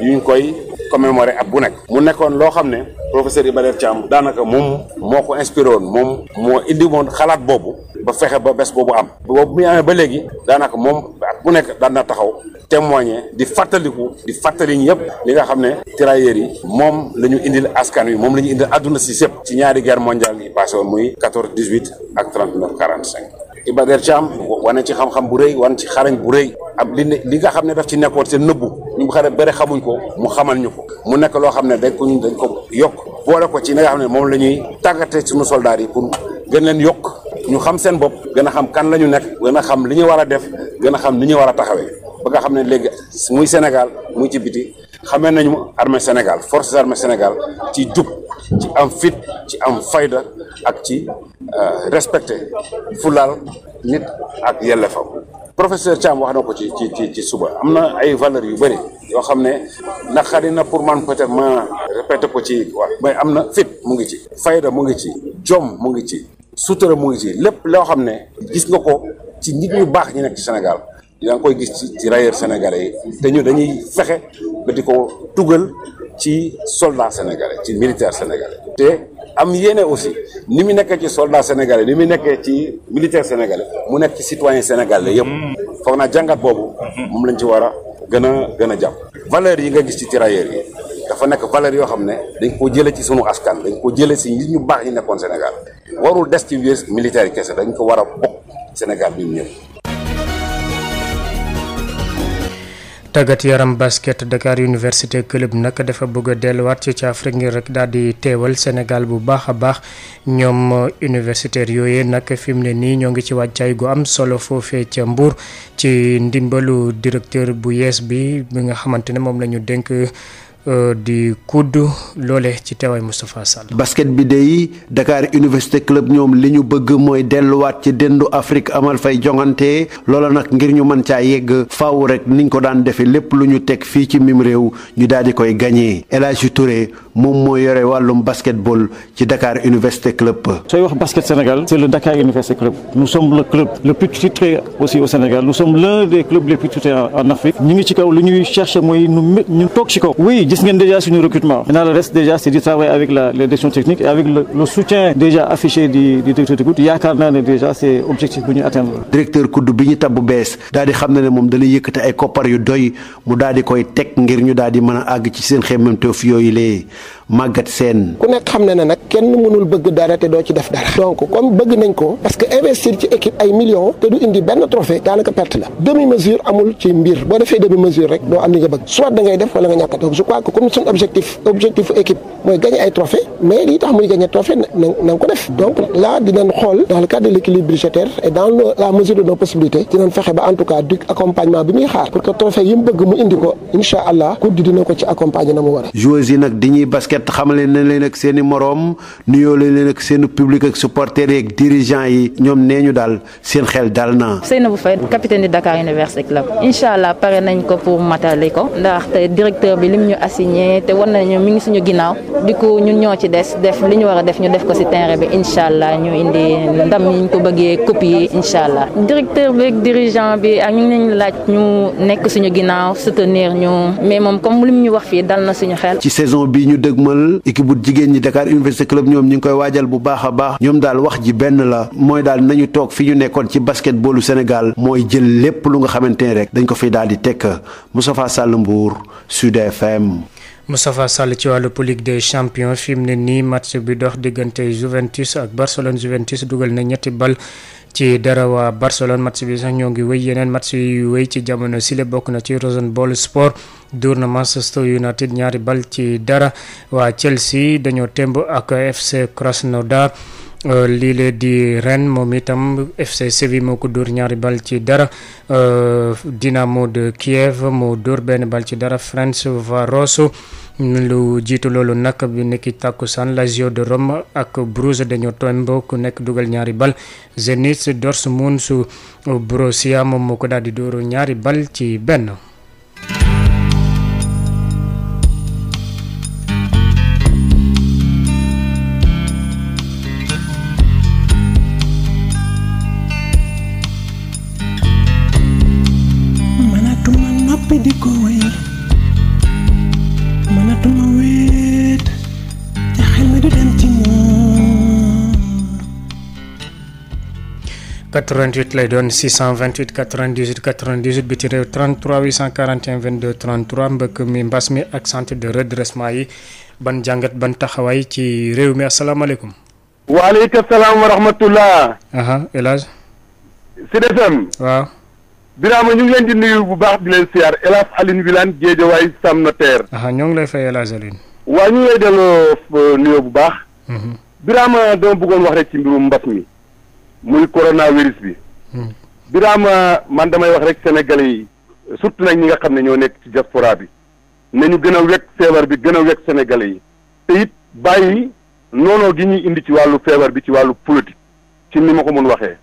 yu ñu koy commémoré ak bu nekk mu nekkoon loo xam ne professeur Iba Der Thiam daanaka moom moo ko inspiré woon moom moo indi woon xalaat boobu ba fexe ba bés boobu am boobu muy amee ba léegi daanaka moom at bu nekk daan na taxaw témoigner di fàttaliku di fàttali ñëpp li nga xam ne tirailleurs yi moom la ñu indil askan yi moom la ñu indil adduna si sëpp ci ñaari guerre mondiale yi passé woon muy 14 18 ak 39 45 Iba Der Thiam wane ci xam-xam bu rëy wane ci xarañ bu rëy ab li li nga xam ne daf ci nekkoon seen nëbbu ñu xare bëre xamuñ ko mu xamal ñu ko mu nekk loo xam ne dañ ko dañ ko yokk boole ko ci li nga xam ne moom la ñuy tàggate suñu soldats yi pour gën leen yokk ñu xam seen bopp gën a xam kan la ñu nekk gën a xam li ñu war a def gën a xam ni ñu war a taxawee ba nga xam ne léegi muy Sénégal muy ci biti xame nañu armée Sénégal forces armées Sénégal ci jub ci am fit ci am fayda ak ci euh, respecte fulaal nit ak yellefam professeur Thiam wax na ko ci ci ci ci suba am na ay valeurs yu bëri yoo xam ne naqari na pour man peut ma répété ko ci wax mais am na fit mu ngi ci fayda mu ngi ci jom mu ngi ci sutura mu ngi ci lépp loo xam ne gis nga ko ci nit ñu baax ñi nekk ci Sénégal yaa ngi koy gis ci ci railleur sénégalais yi te ñu dañuy fexe ba di ko tugal ci soldat sénégalais ci militaire sénégalais te am yéene aussi ni mu nekkee ci soldat sénégalais ni mu nekkee ci militaire sénégalais mu nekk ci citoyen sénégalais yëpp mm. foog naa jàngat boobu mm-hmm. moom lañ ci war a gën a gën a jàpp valeurs yi nga gis ci tirailleurs yi dafa nekk valeur yoo xam ne dañ koo jële ci sunu askan dañ ko jële si ñu baax yi nekkoon Sénégal warul des ci biir militaire kese dañ ko war a bokk Sénégal bi ñëpp tàggat yaram basket Dakar Université club nag dafa bëgg a delluwaat ci caaf rek ngir rek daal di teewal Sénégal bu baax a baax ñoom universitaire yooyu nag fi mu ne nii ñoo ngi ci wàccaay gu am solo foofee ca Mbour ci ndimbalu directeur bu yees bi bi nga xamante ne moom la ñu dénk. Euh, di kudd loole ci teewaay Moustapha Sall. basket bi day Dakar Université Club ñoom li ñu bëgg mooy delluwaat ci dendu Afrique amal fay jongante loola nag ngir ñu mën caa yegg faaw rek ni ñu ko daan defee lépp lu ñu teg fii ci mim réew ñu daal di koy gagné El Hadji Touré moom mooy yore wàllum basketball ci Dakar Université Club. sooy wax basket Sénégal c'est le Dakar Université Club nous sommes le club le plus aussi au Sénégal nous sommes l'un des clubs lu ñuy chercher mooy gis ngeen déjà suñu recrutement maintenant le reste déjà c'est du travail avec la les directions techniques et avec le, soutien déjà affiché du directeur de COUD yaakaar naa ne déjà c'est objectif bu ñu atteindre. directeur COUD bi ñu tabb bees daal di xam ne ne moom dana te ay koppar yu doy mu daal di koy teg ngir ñu daal di mën a àgg ci seen xemmemteef yooyu lee Maguette seen ku nekk xam na ne nag kenn mënul bëgg dara te doo ci def dara donc comme bëgg nañ ko parce que investir ci équipe ay millions te du indi benn trophée daanaka perte la bëgg soit da def wala nga ñàkk donc je crois comme suñu objectif objectif équipe mooy gagner ay trophée mais lii tax muy gagner trophée na nga ko def donc là dinañ xool dans le cadre de l'équilibre budgétaire et dans mesure de nos possibilités dinañ fexe ba en tout cas du accompagnement bi muy xaar pour que trophée yi mu bëgg mu indi enquête xamale na leen ak seen i moroom nuyoo leen ak seen public ak supporters yeeg dirigeants yi ñoom nee ñu daal seen xel dal na. Seynabou Faye capitaine du Dakar Université Club incha allah pare nañ ko pour matale ko ndaxte directeur bi lim ñu assigné te war nañu mi ngi suñu ginnaaw di ko ñun ñoo ci des def li ñu war a def ñu def ko si terrain bi incha ñu indi ndam yi ñu ko bëggee copier incha directeur bi ak dirigeant bi ak ñu ngi laaj ñu nekk suñu jëmmal bu jigéen ñi Dakar Université Club ñoom ñu ngi koy waajal bu baax a baax ñoom daal wax ji benn la mooy daal nañu toog fi ñu nekkoon ci basketballu Sénégal mooy jël lépp lu nga xamante ne rek dañ ko fi daal di tekk Moustapha Sall Mbour Sud FM. Moustapha Sall ci wàllu Ligue des champions fi mu ne nii match bi dox diggante Juventus ak Barcelone Juventus dugal na ñetti bal. ci dara waa Barcelone match bi sax ñoo ngi wéy yeneen match yu wéy ci jamono sile bokk na ci Rosenborg Sport dóor na Manchester United ñaari bal ci dara waa Chelsea dañoo temb ak FC Krasnodar Euh, lii lee di ren moom itam FC Séville moo ko dóor ñaari bal ci dara euh, Dynamo de Kiev moo dóor benn bal ci dara France Varoso lu jiitu loolu nag bi nekki tàkkusaan Lazio de Rome ak Bruges dañoo tombo ku nekk dugal ñaari bal Zenit Dortmund su Borussia moom moo ko daal di dóoru ñaari bal ci benn 88 lay doon 628 98 98 biti réew 33 841 22 33 mbëkk mi mbas mi ak centre de redressement yi ban jàngat ban taxawaay ci réew mi asalaamaaleykum. waaleykum salaam wa rahmatullah. El Hadj. Sud FM. waaw. Birama ñu ngi leen di nuyu bu baax di leen siyaar El Hadj Aline Wilane Géejawaay Sam Notaire. ñoo ngi lay fay El Hadj Aline. waa ñu ngi lay delloo euh, bu baax. Mhm. Birama dama bëggoon wax rek mi. muy coronavirus bi. Hmm. Birama man damay wax rek sénégalais yi surtout nag ñi nga xam ne ñoo nekk ci diaspora bi na ñu gën a wekk feebar bi gën a wekk sénégalais yi te it bàyyi noonoo gi ñuy indi ci wàllu feebar bi ci wàllu politique ci ni ma ko mun waxee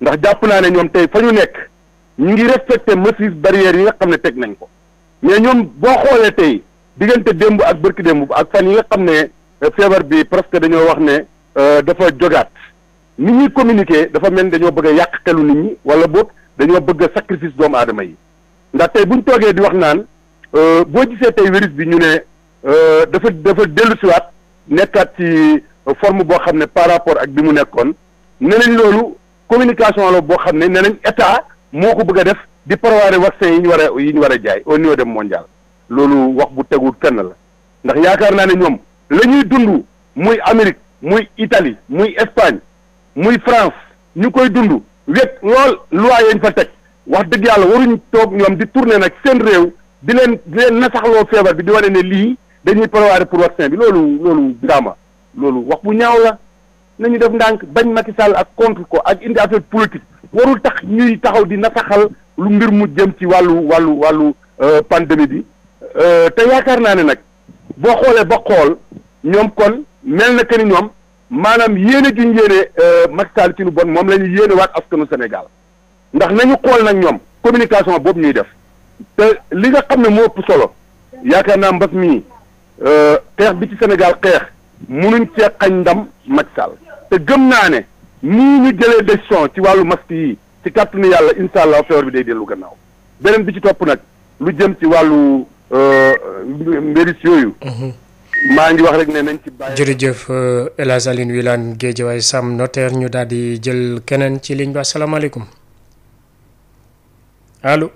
ndax jàpp naa ne ñoom tey fa ñu nekk ñu ngi respecté mesures barrières yi nga xam ne teg nañ ko mais ñoom boo xoolee tey diggante démb ak bërki démb ak fan yi nga xam ne feebar bi presque dañoo wax ne euh, dafa jogaat. ni ñuy communiquer dafa mel ni dañoo bëgg a yàq xelu nit ñi wala boog dañoo bëgg a sacrifice doomu aadama yi ndax tey bu ñu toogee di wax naan euh, boo gisee tey virus bi ñu ne euh, dafa dafa dellu siwaat nekkaat ci euh, forme boo xam ne par rapport ak bi mu nekkoon ne nañ loolu communication la boo xam ne ne nañ état moo ko bëgg def di préparer vaccin yi ñu war yi ñu war a jaay au niveau dem mondial loolu wax bu tegul kenn la ndax yaakaar naa ne ñoom lañuy ñuy dund muy Amérique muy Italie muy Espagne muy France ñu koy dund wet lool loi yañ fa teg wax dëgg yàlla waruñ toog ñoom di tourner nag seen réew di leen di leen nasaxloo feebar bi di wane ne lii dañuy prévoir pour vaccin bi loolu loolu drama loolu wax bu ñaaw la nañu def ndànk bañ Macky Sall ak contre ko ak indi affaire politique warul tax ñuy taxaw di nasaxal lu ngir mu jëm ci wàllu wàllu wàllu euh, pandémie bi euh, te yaakaar naa ne nag boo xoolee ba xool ñoom kon mel na que ni ñoom maanaam yéene gi ñu yéene euh, Macky Sall ci lu bon moom la ñu yéene waat askanu Sénégal ndax nañu xool nag ñoom communication boobu ñuy def te li nga xam ne moo ëpp solo yaakaar naa mbas mii euh, xeex bi ci Sénégal xeex munuñ cee xañ ndam Macky Sall te gëm naa ne nii ñu jëlee décision ci wàllu masque yi ci kàttanu yàlla incha allah feebar bi day dellu gannaaw beneen bi ci topp nag lu jëm ci wàllu euh, mbéris yooyu mm-hmm. maa ngi wax rek ne ci bàyyi. jërëjëf euh, El Hadj Alioune Wilane Guédiawaye Sam notaire ñu daal di jël keneen ci ligne bi asalaamaaleykum allo.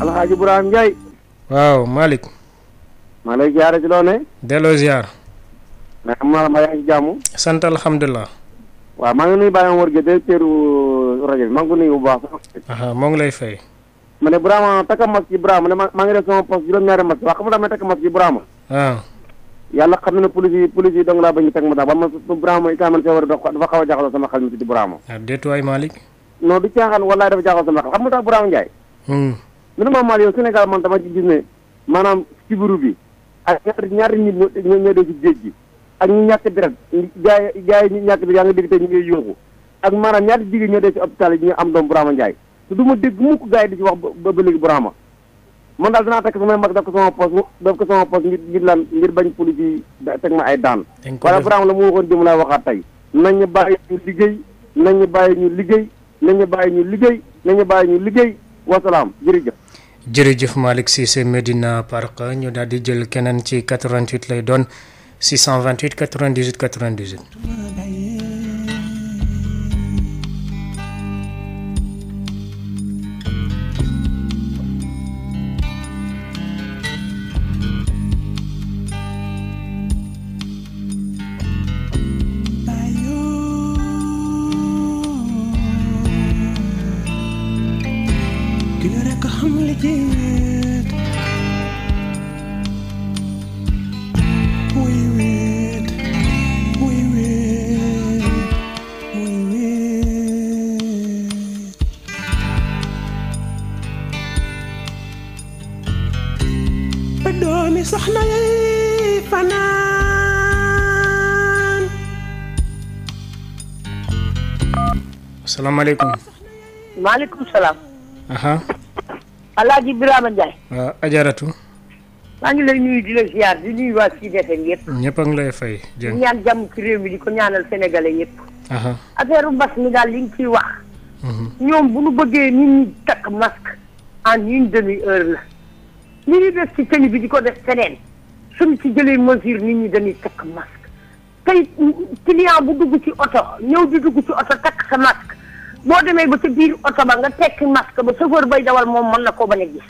Alhaji Ibrahima Ndiaye. waaw Malick. maa lay ziar ci loo ne. ziar. mais ma yaa ngi jàmm. sant alhamdulilah. waaw maa ngi nuyu Baye Mor Gueye teeru rajo bi maa ngi ko nuyu bu ngi lay fay. ma ne Birama takka mas ci Birama maa ngi def sama poste juróom-ñaari mas waa xam nga daa may takka mas ah. xam na ne police yi police yi dong laa bañ ma daal ba ma su Birama itam man see war a dafa a jaaxal sama xel mi ci ah, du caaxaan wallaay dafa jaaxal sama xel xam nga tax Birama Ndiaye. mën na maa man dama ci gis maanaam bi ak ñaari ñaari nit ñoo ñoo dee ci géej gi ak ñu ñàkk deret gaay gaay ñu ñàkk deret yaa ngi dégg tey ñu ngi yóoxu ak maanaam ñaata jigéen ñoo dee ci hôpital yi ñu am doom Burama Ndiaye te du ma dégg mukk gaay di ci wax ba ba léegi Burama man daal danaa takk samay mag daf ko sama poste daf ko sama poste ngir ngir lan ngir bañ police yi teg ma ay daan waaye Burama la mu waxoon démb laay waxaat tey nañ ñu bàyyi ñu liggéey nañ ñu bàyyi ñu liggéey nañ ñu bàyyi ñu liggéey nañ ñu bàyyi ñu liggéey wasalaam jërëjëf jërëjëf Malick Cissé Medina Park ñu daal di jël keneen ci 88 lay doon 628 98 98. salaamaaleykum. salaam. Alaaji Birama Ndiaye. waaw ajaratu. maa ngi lay nuyu di la di nuyu waa Sud FM yëpp. ñëpp a ngi lay fay. jërëjëf ñaan jàmm ci réew mi di ko ñaanal sénégalais yëpp. affaire mbas mi daal li nga ciy wax. Mhm. ñoom bu ñu bëggee nit ñi takk masque en une demi heure la. li ñuy def ci télé bi di ko def feneen suñ ci jëlee mesure nit ñi dañuy takk masque tey client bu dugg ci oto ñëw di dugg ci oto takk sa masque. boo demee ba ca biir oto ba nga tekki masque ba chauffeur bay dawal moom man na koo ba a gis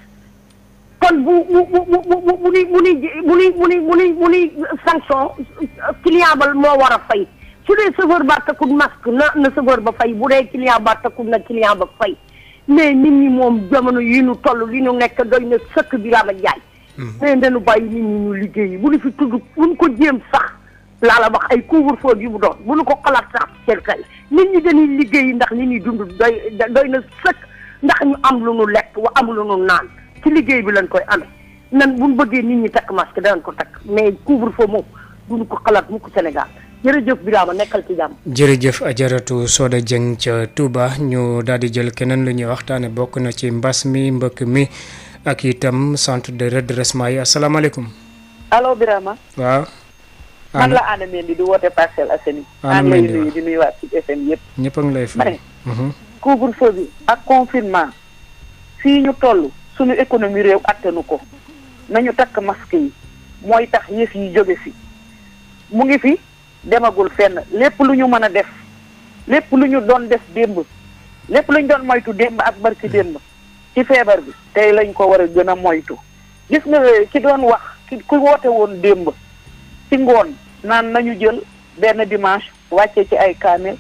kon bu bu bu bu bu bu bu bu nuy bu nuy bu nuy bu nuy sanction client ba moo war a fay su dee chauffeur ba takkul masque na na chauffeur ba fay bu dee client ba takkul na client ba fay mais nit ñi moom jamono yii nu toll li ñu nekk doy na sëkk bi laa ma jaay hmm. mais dañu bàyyi nit ñi ñu liggéey bu ñu fi tudd buñ ko jéem sax laa la wax ay couvre-feu yu mu doon mënu ko xalaat sax seen xel nit ñi dañuy liggéey ndax li ñuy dund doy doy na sëkk ndax ñu am lu nu lekk wa am lu nu naan ci liggéey bi lañ koy amee nan bu ñu bëggee nit ñi takk masque danañ ko takk mais couvre-feu moom duñu ko xalaat mukk Sénégal jërëjëf Birama nekkal ci jàmm. jërëjëf Ajaratu Soda Dieng ca Touba ñu daal di jël keneen lu ñuy waxtaane bokk na ci mbas mi mbëkk mi ak itam sant de redressement yi asalaamaaleykum. man la Anna Mendy di woote parcel Assainies. Anna Mendy di nuyu di nuyu waa Sud FM yëpp. ñëpp a ngi lay fay mhm. ak confinement fii ñu toll suñu économie réew attanu ko nañu takk masque yi mooy tax yëf yi jóge fi mu ngi fi demagul fenn lépp lu ñu mën a def lépp lu ñu doon def démb lépp lu ñu doon moytu démb ak barki démb ci feebar bi tey lañ ko war a gën a moytu gis nga ki doon wax ki ku woote woon démb ci ngoon naan nañu jël benn dimanche wàccee ci ay kaamil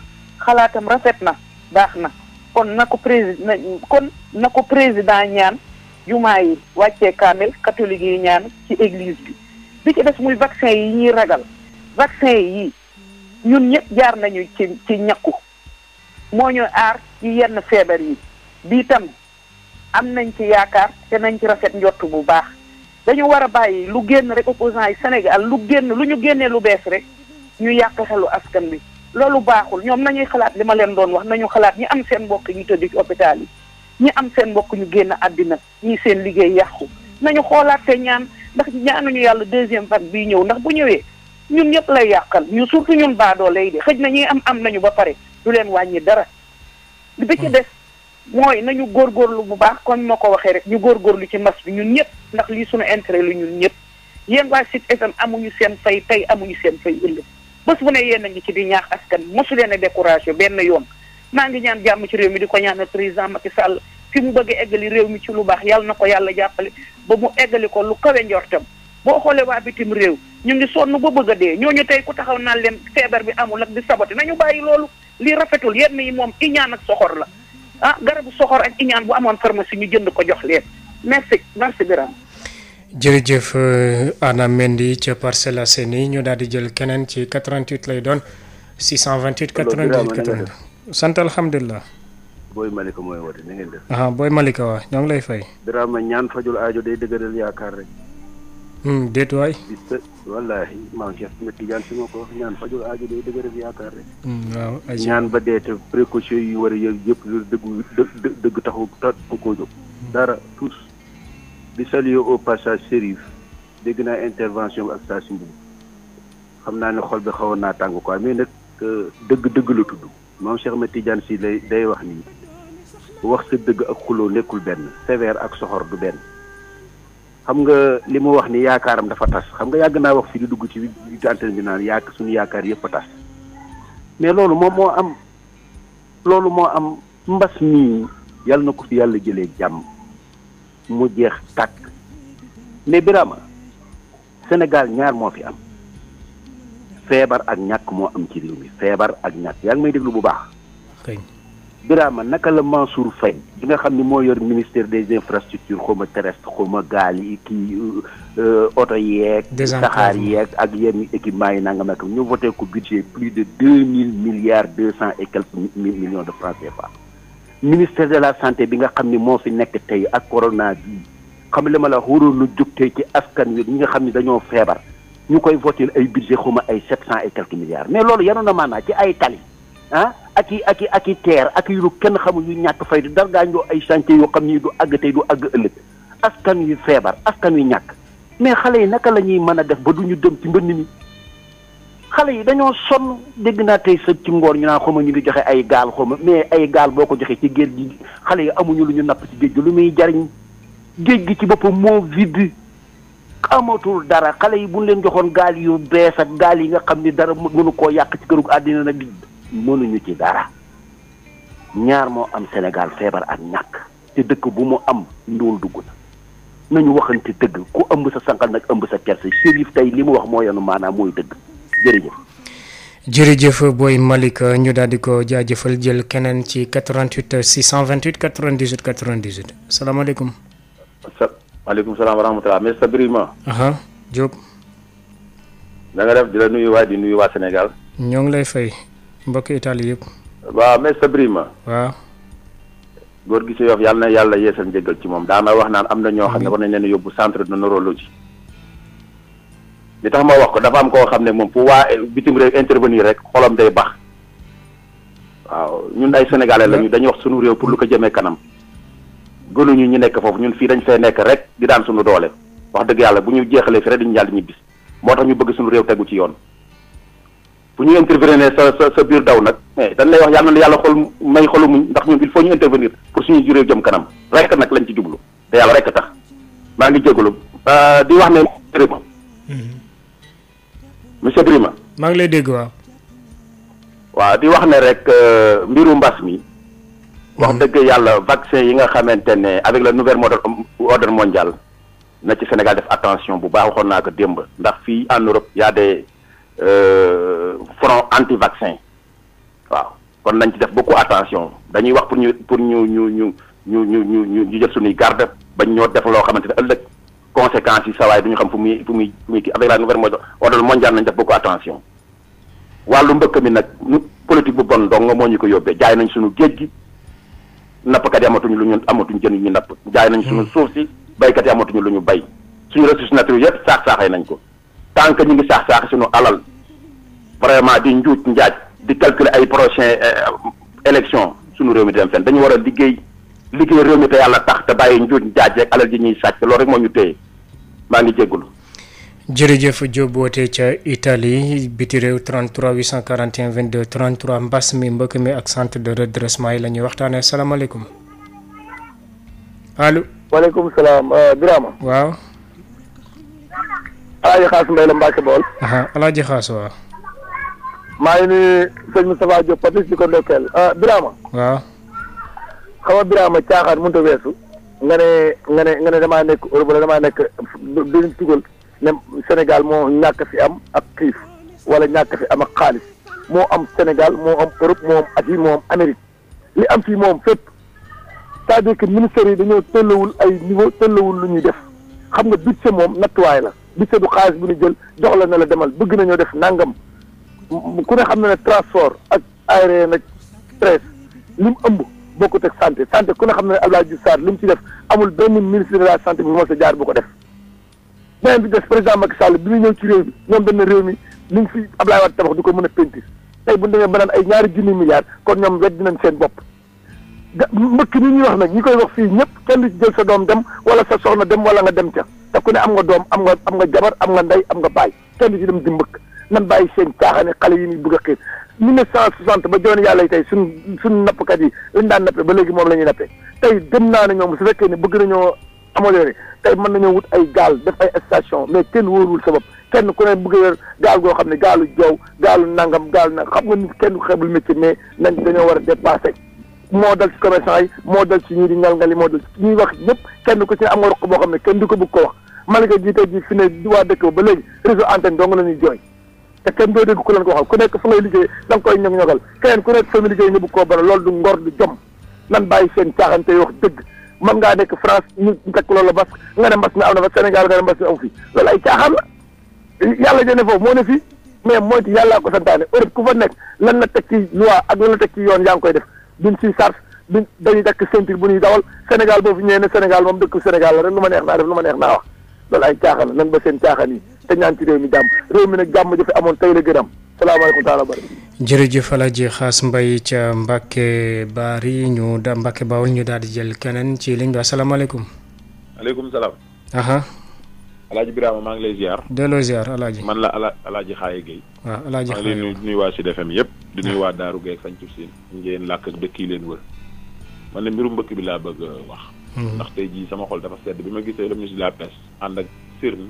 xalaatam rafet na baax na kon na président kon na ko président ñaan jumaa yi wàccee kaamil catholique yi ñaan ci église bi bi ci des muy vaccin yi ñuy ragal vaccin yi ñun ñëpp jaar nañu ci ci ñakku moo ñu aar ci yenn feebar yi bii tam am nañ ci yaakaar te nañ ci rafet njott bu baax dañu war a bàyyi lu génn rek opposants yi Sénégal lu génn lu ñu génnee lu bees rek ñu yàq xelu askan bi loolu baaxul ñoom nañuy xalaat li ma leen doon wax nañu xalaat ñi am seen mbokk ñu tëdd ci hôpital yi ñi am seen mbokk ñu génn àddina ñi seen liggéey yàqu nañu xoolaat te ñaan ndax ñaanuñu yàlla deuxième vague bii ñëw ndax bu ñëwee ñun ñëpp lay yàqal ñu surtout ñun baadoo lay de xëj na ñi am am nañu ba pare du leen wàññi dara bi ci hmm. des mooy nañu lu bu baax kon ma ko waxee rek ñu góor góor lu ci mas bi ñun ñëpp ndax lii suñu intérêt lu ñun ñëpp yéen waa Sud FM amuñu seen fay tey amuñu seen fay ëllëg bés bu ne yéen a ngi ci di ñaax askan mosu leen a découragé benn yoon maa ngi ñaan jàmm ci réew mi di ko ñaan ñaanal président Macky Sall fi mu bëgg a eggali réew mi ci lu baax yàlla na ko yàlla jàppale ba mu eggali ko lu kawe njortam boo xoolee waa bitim réew ñu ngi sonn ba bëgg a dee ñooñu tey ku taxaw naan leen feebar bi amul ak di saboté nañu loolu lii rafetul yenn yi moom iñaan ak soxor la ah garabu soxor ak iñaan bu amoon pharmacie ñu jënd ko jox leen merci merci Birame. jërëjëf euh, Anna Mendy ca Parcelles Assainies ñu daal di jël keneen ci 88 lay doon 628. 88 88 sant alhamdulilah. Boy Malika mooy woote ni ngeen booy ah Boy Malika waa ñoo ngi lay fay. Birame ñaan fajul aajo day dëgëral yaakaar rek. Hmm, déet waay. wallaahi maam Cheikh Ahmed Tidiane su ma ko wax ñaan fajul aajo day dëgëral yaakaar rek. Hmm, ñaan ba dee te yi war yëpp dëgg dëgg taxu taxu ko jóg. dara tous di saluer au passage Serif dégg naa intervention ak saa si xam naa ni xol bi xawoon naa tàng ko mais nag euh, dëgg dëgg la tudd maam Cheikh Ahmed Tidiane si day day wax nii wax sa dëgg ak xuloo nekkul benn sévère ak soxor du benn. xam nga li mu wax ni yaakaaram dafa tas xam nga yàgg naa wax fi di dugg ci ci antenne bi naan yaak suñu yaakaar yëpp a tas mais loolu moom moo am loolu moo am mbas mii yàlla na ko fi yàlla jëlee jàmm mu jeex tàkk mais Birama Sénégal ñaar moo fi am feebar ak ñàkk moo am ci réew mi feebar ak ñàkk yaa may déglu bu baax. Birama naka la Mansour Faye bi nga xam ni moo yor ministère des infrastructures xaw ma terrestre xaw ma gaal yi kii euh, oto yeeg. saxaar yeeg ak yenn équipement yi nangam ak ñu voté ko budget plus de deux mille milliards deux cent et quelques mille millions de francs CFA. ministère de la santé bi nga xam ni moo fi nekk tey ak corona bi xam li ma la waroon lu jóg tey ci askan wi ñi nga xam ni dañoo feebar ñu koy voté ay budget xaw ay sept cent et quelques mais loolu yanu na maanaa ci ay tali ah. ak i ak i ak i teer ak i lu kenn xamul yu ñàkk faydu dar gaañoo ay chantier yoo xam ni du ag tey du àgg ëllëg askan yu feebar askan yu ñàkk mais xale yi naka la ñuy mën a def ba du ñu dem ci mbënn mi xale yi dañoo sonn dégg naa tey sa ci ngoor ñu naan xawma ñu ngi joxe ay gaal xawma mais ay gaal boo ko joxee ci géej gi xale yi amuñu lu ñu napp ci géej gi lu muy jariñ géej gi ci boppam moo vide amatul dara xale yi buñ leen joxoon gaal yu bees ak gaal yi nga xam ni dara mënu koo yàq këru àddina na di mënuñu ci dara ñaar moo am Sénégal feebar ak ñàkk te dëkk bu mu am ndóol dugg na nañu waxante dëgg ku ëmb sa sanqal nag ëmb sa kersa Chérif tey li mu wax moo yoonu maanaam mooy dëgg jërëjëf jërëjëf booy Malick ñu daal di ko jaajëfal jël keneen ci 88 628 98 98 salaamaaleykum. maaleykum salaam wa rahmatulah monsieur Birima. Diop. na nga def di la nuyu waay di nuyu waa Sénégal. ñoo ngi lay fay. mbokk Italie yëpp. waaw maître Birima. waaw. góor gi si Yoff yàlla na yàlla yeesal njëgal ci moom daana wax naan am na ñoo xam ne war nañ leen yóbbu centre de neurologie. li tax ma wax ko dafa am koo xam ne moom pour waa eh, bitim réew intervenir rek xolam day baax. waaw ñun ay sénégalais lañu dañuy wax sunu réew pour lu ko jëmee kanam. gënuñu ñu nekk foofu ñun fii dañ fee nekk rek di daan sunu doole wax dëgg yàlla bu ñu jeexalee fi rek dañu jàll ñibbis moo tax ñu bëgg sunu réew tegu ci yoon. bu ñu intervenir sa sa sa biir daw nag mais dañ lay wax yàlla na yàlla xol may xolu muñ ndax ñu il foo ñu intervenir pour suñu juree jëm kanam rek nag lañ ci jublu te yàlla rek tax maa ngi jégalu euh, di wax ne Birima. monsieur ma mm-hmm. maa ngi lay dégg waaw. waaw di wax ne rek euh, mbiru mbas mi. Mm-hmm. wax dëgg yàlla vaccin yi nga xamante ne avec le nouvel mode ordre mondial na ci Sénégal def attention bu baax waxoon naa ko démb ndax fii en Europe y a Euh, front anti vaccin waaw kon nañ ci def beaucoup attention dañuy wax pour ñu pour ñu ñu ñu ñu ñu ñu ñu jël suñuy garde bañ ñoo def loo xamante ne ëllëg conséquences yi sawaay du ñu xam fu muy fu muy fu muy kii avec la nouvelle ordre mondial nañ def beaucoup attention wàllu mbëkk mi nag ñu politique bu bon dong moo ñu ko yóbbee jaay nañ suñu géej gi nappkat yi amatuñu lu ñu amatuñ jën yu ñu napp jaay nañ suñu hmm. suuf si baykat yi amatuñu lu ñu bay suñu ressources naturelles yëpp saaxee nañ ko tant que ñu ngi saax saax suñu alal vraiment di njuuj njaaj di calculer ay prochain euh, élection suñu réew mi di dem fenn dañu war a liggéey liggéey réew mi te yàlla tax te bàyyi njuuj njaaj rek alal ji ñuy sàcc loolu rek moo ñu téye maa ngi jéggulu jërëjëf Diop woote ca Italie biti réew 33 841 22 33 mbas mi mbëkk mi ak centre de redressement yi la ñuy waxtaanee salaamaaleykum allo. waaleykum salaam euh, Birama. waaw. alaaji xaas mbay la Mbacke bool. alaaji xaas waaw. maa ngi nuyu sëñ Moustapha Diop Patrice di ko ndokkeel ah, Birama. waaw. xaw ma Birama caaxaan mënut weesu. nga ne nga ne nga ne damaa nekk Europe la damaa nekk benn tugal ne Sénégal moo ñàkk fi am ak xiif wala ñàkk fi am ak xaalis moo am Sénégal moo am Europe moo am Asie moo li am fi moom fépp c'est-à-dire que yi dañoo tëllawul ay niveau tëllawul lu ñuy def xam nga budget moom nattuwaay la. di seddu xaalis bu ñu jël jox la ne la demal bëgg nañoo def nangam ku ne xam na ne transport ak aérien nag stress li mu ëmb bokkut ak santé santé ku ne xam na ne Abdoulaye Diouf Sarr li mu ci def amul benn ministre de la santé bu mos a jaar bu ko def. beneen bi des président Macky Sall bi ñu ñëw ci réew bi ñoom dañ ne réew mi li ñu fi Abdoulaye Wade tabax du ko mën a pentir tey bu ñu demee ba ay ñaari junni milliards kon ñoom wedd dinañ seen bopp. ga mbëkk mi ñuy wax nag ñu koy wax fii ñëpp kenn du ci jël sa doom dem wala sa soxna dem wala nga dem ca te ku ne am nga doom am nga am nga jabar am nga ndey am nga baay kenn du dem di mbëkk nan baay seen caaxaane xale yi ñuy bëgg a xiir mille ne cent soixante ba joon yàlla yi tey suñ suñ nappkat yi lañ daan nappe ba léegi moom la ñuy nappe tey dem naa ne ñoom su fekkee ne bëgg nañoo amalé tey mën nañoo wut ay gaal def ay station mais kenn wóorul sa bopp kenn ku ne bëgg yor gaal goo xam ne gaalu joow gaalu nangam gaalu nangam xam nga nit kenn xeebul métier mais nañ dañoo war a dépassé moo dal ci commerçant yi moo dal ci ñi di ngal ngali moo dal ci ñuy wax ñëpp kenn ku ci am nga roq boo xam ne kenn du ko bëgg ko wax Malika jii tey jii fi ne waa dëkk ba léegi réseau antenne dong la ñuy jooy te kenn doo dégg ku leen ko waxal nekk fa ngay liggéey da nga koy ñog ñogal keneen ku nekk fa mu liggéey nga bëgg koo bara loolu du ngor du jom nan bàyyi seen caaxante wax dëgg man ngaa nekk France ñu tekk loolu bas nga ne mbas mi am na fa Sénégal nga ne mbas mi am fii loolu ay caaxaan la yàlla jëne foofu moo ne fii mais moytu yàllaa ko santaane Europe ku fa nekk lan la teg ci ak lan la teg ci yaa ngi koy def duñ siy sart duñ dañuy dakk ceinture bu ñuy dawal Sénégal boo fi ñëwee ne Sénégal moom dëkk Sénégal la rek lu ma neex naa def lu ma neex naa wax loolu ay caaxaan la nan ba seen caaxaan yi te ñaan ci réew mi jàmm réew mi nag jàmm jafe amoon tey la gën a am salaamaaleykum taala bari jërëjëf Alaaji Xaas Mbay ca Mbàkke yi ñu da Mbàkke Bawol ñu daal di jël keneen ci ligne bi asalaamaaleykum. maaleykum salaam. alaaji Birama maa ngi lay ziar. delloo ziar alaaji. man la ala alaaji Xaaye Guèye. waaw alaaji Xaaye maa ngi leen di nuyu waa Sud FM yëpp. di nuyu ah. waa Darou Guèye Sancou Sine. ngeen làkk ak dëkk leen wër. man la mbirum mbëkk bi laa bëgg wax. Hmm. ndax tey jii sama xol dafa sedd bi ma gisee le ministre de la pêche ànd ak CERN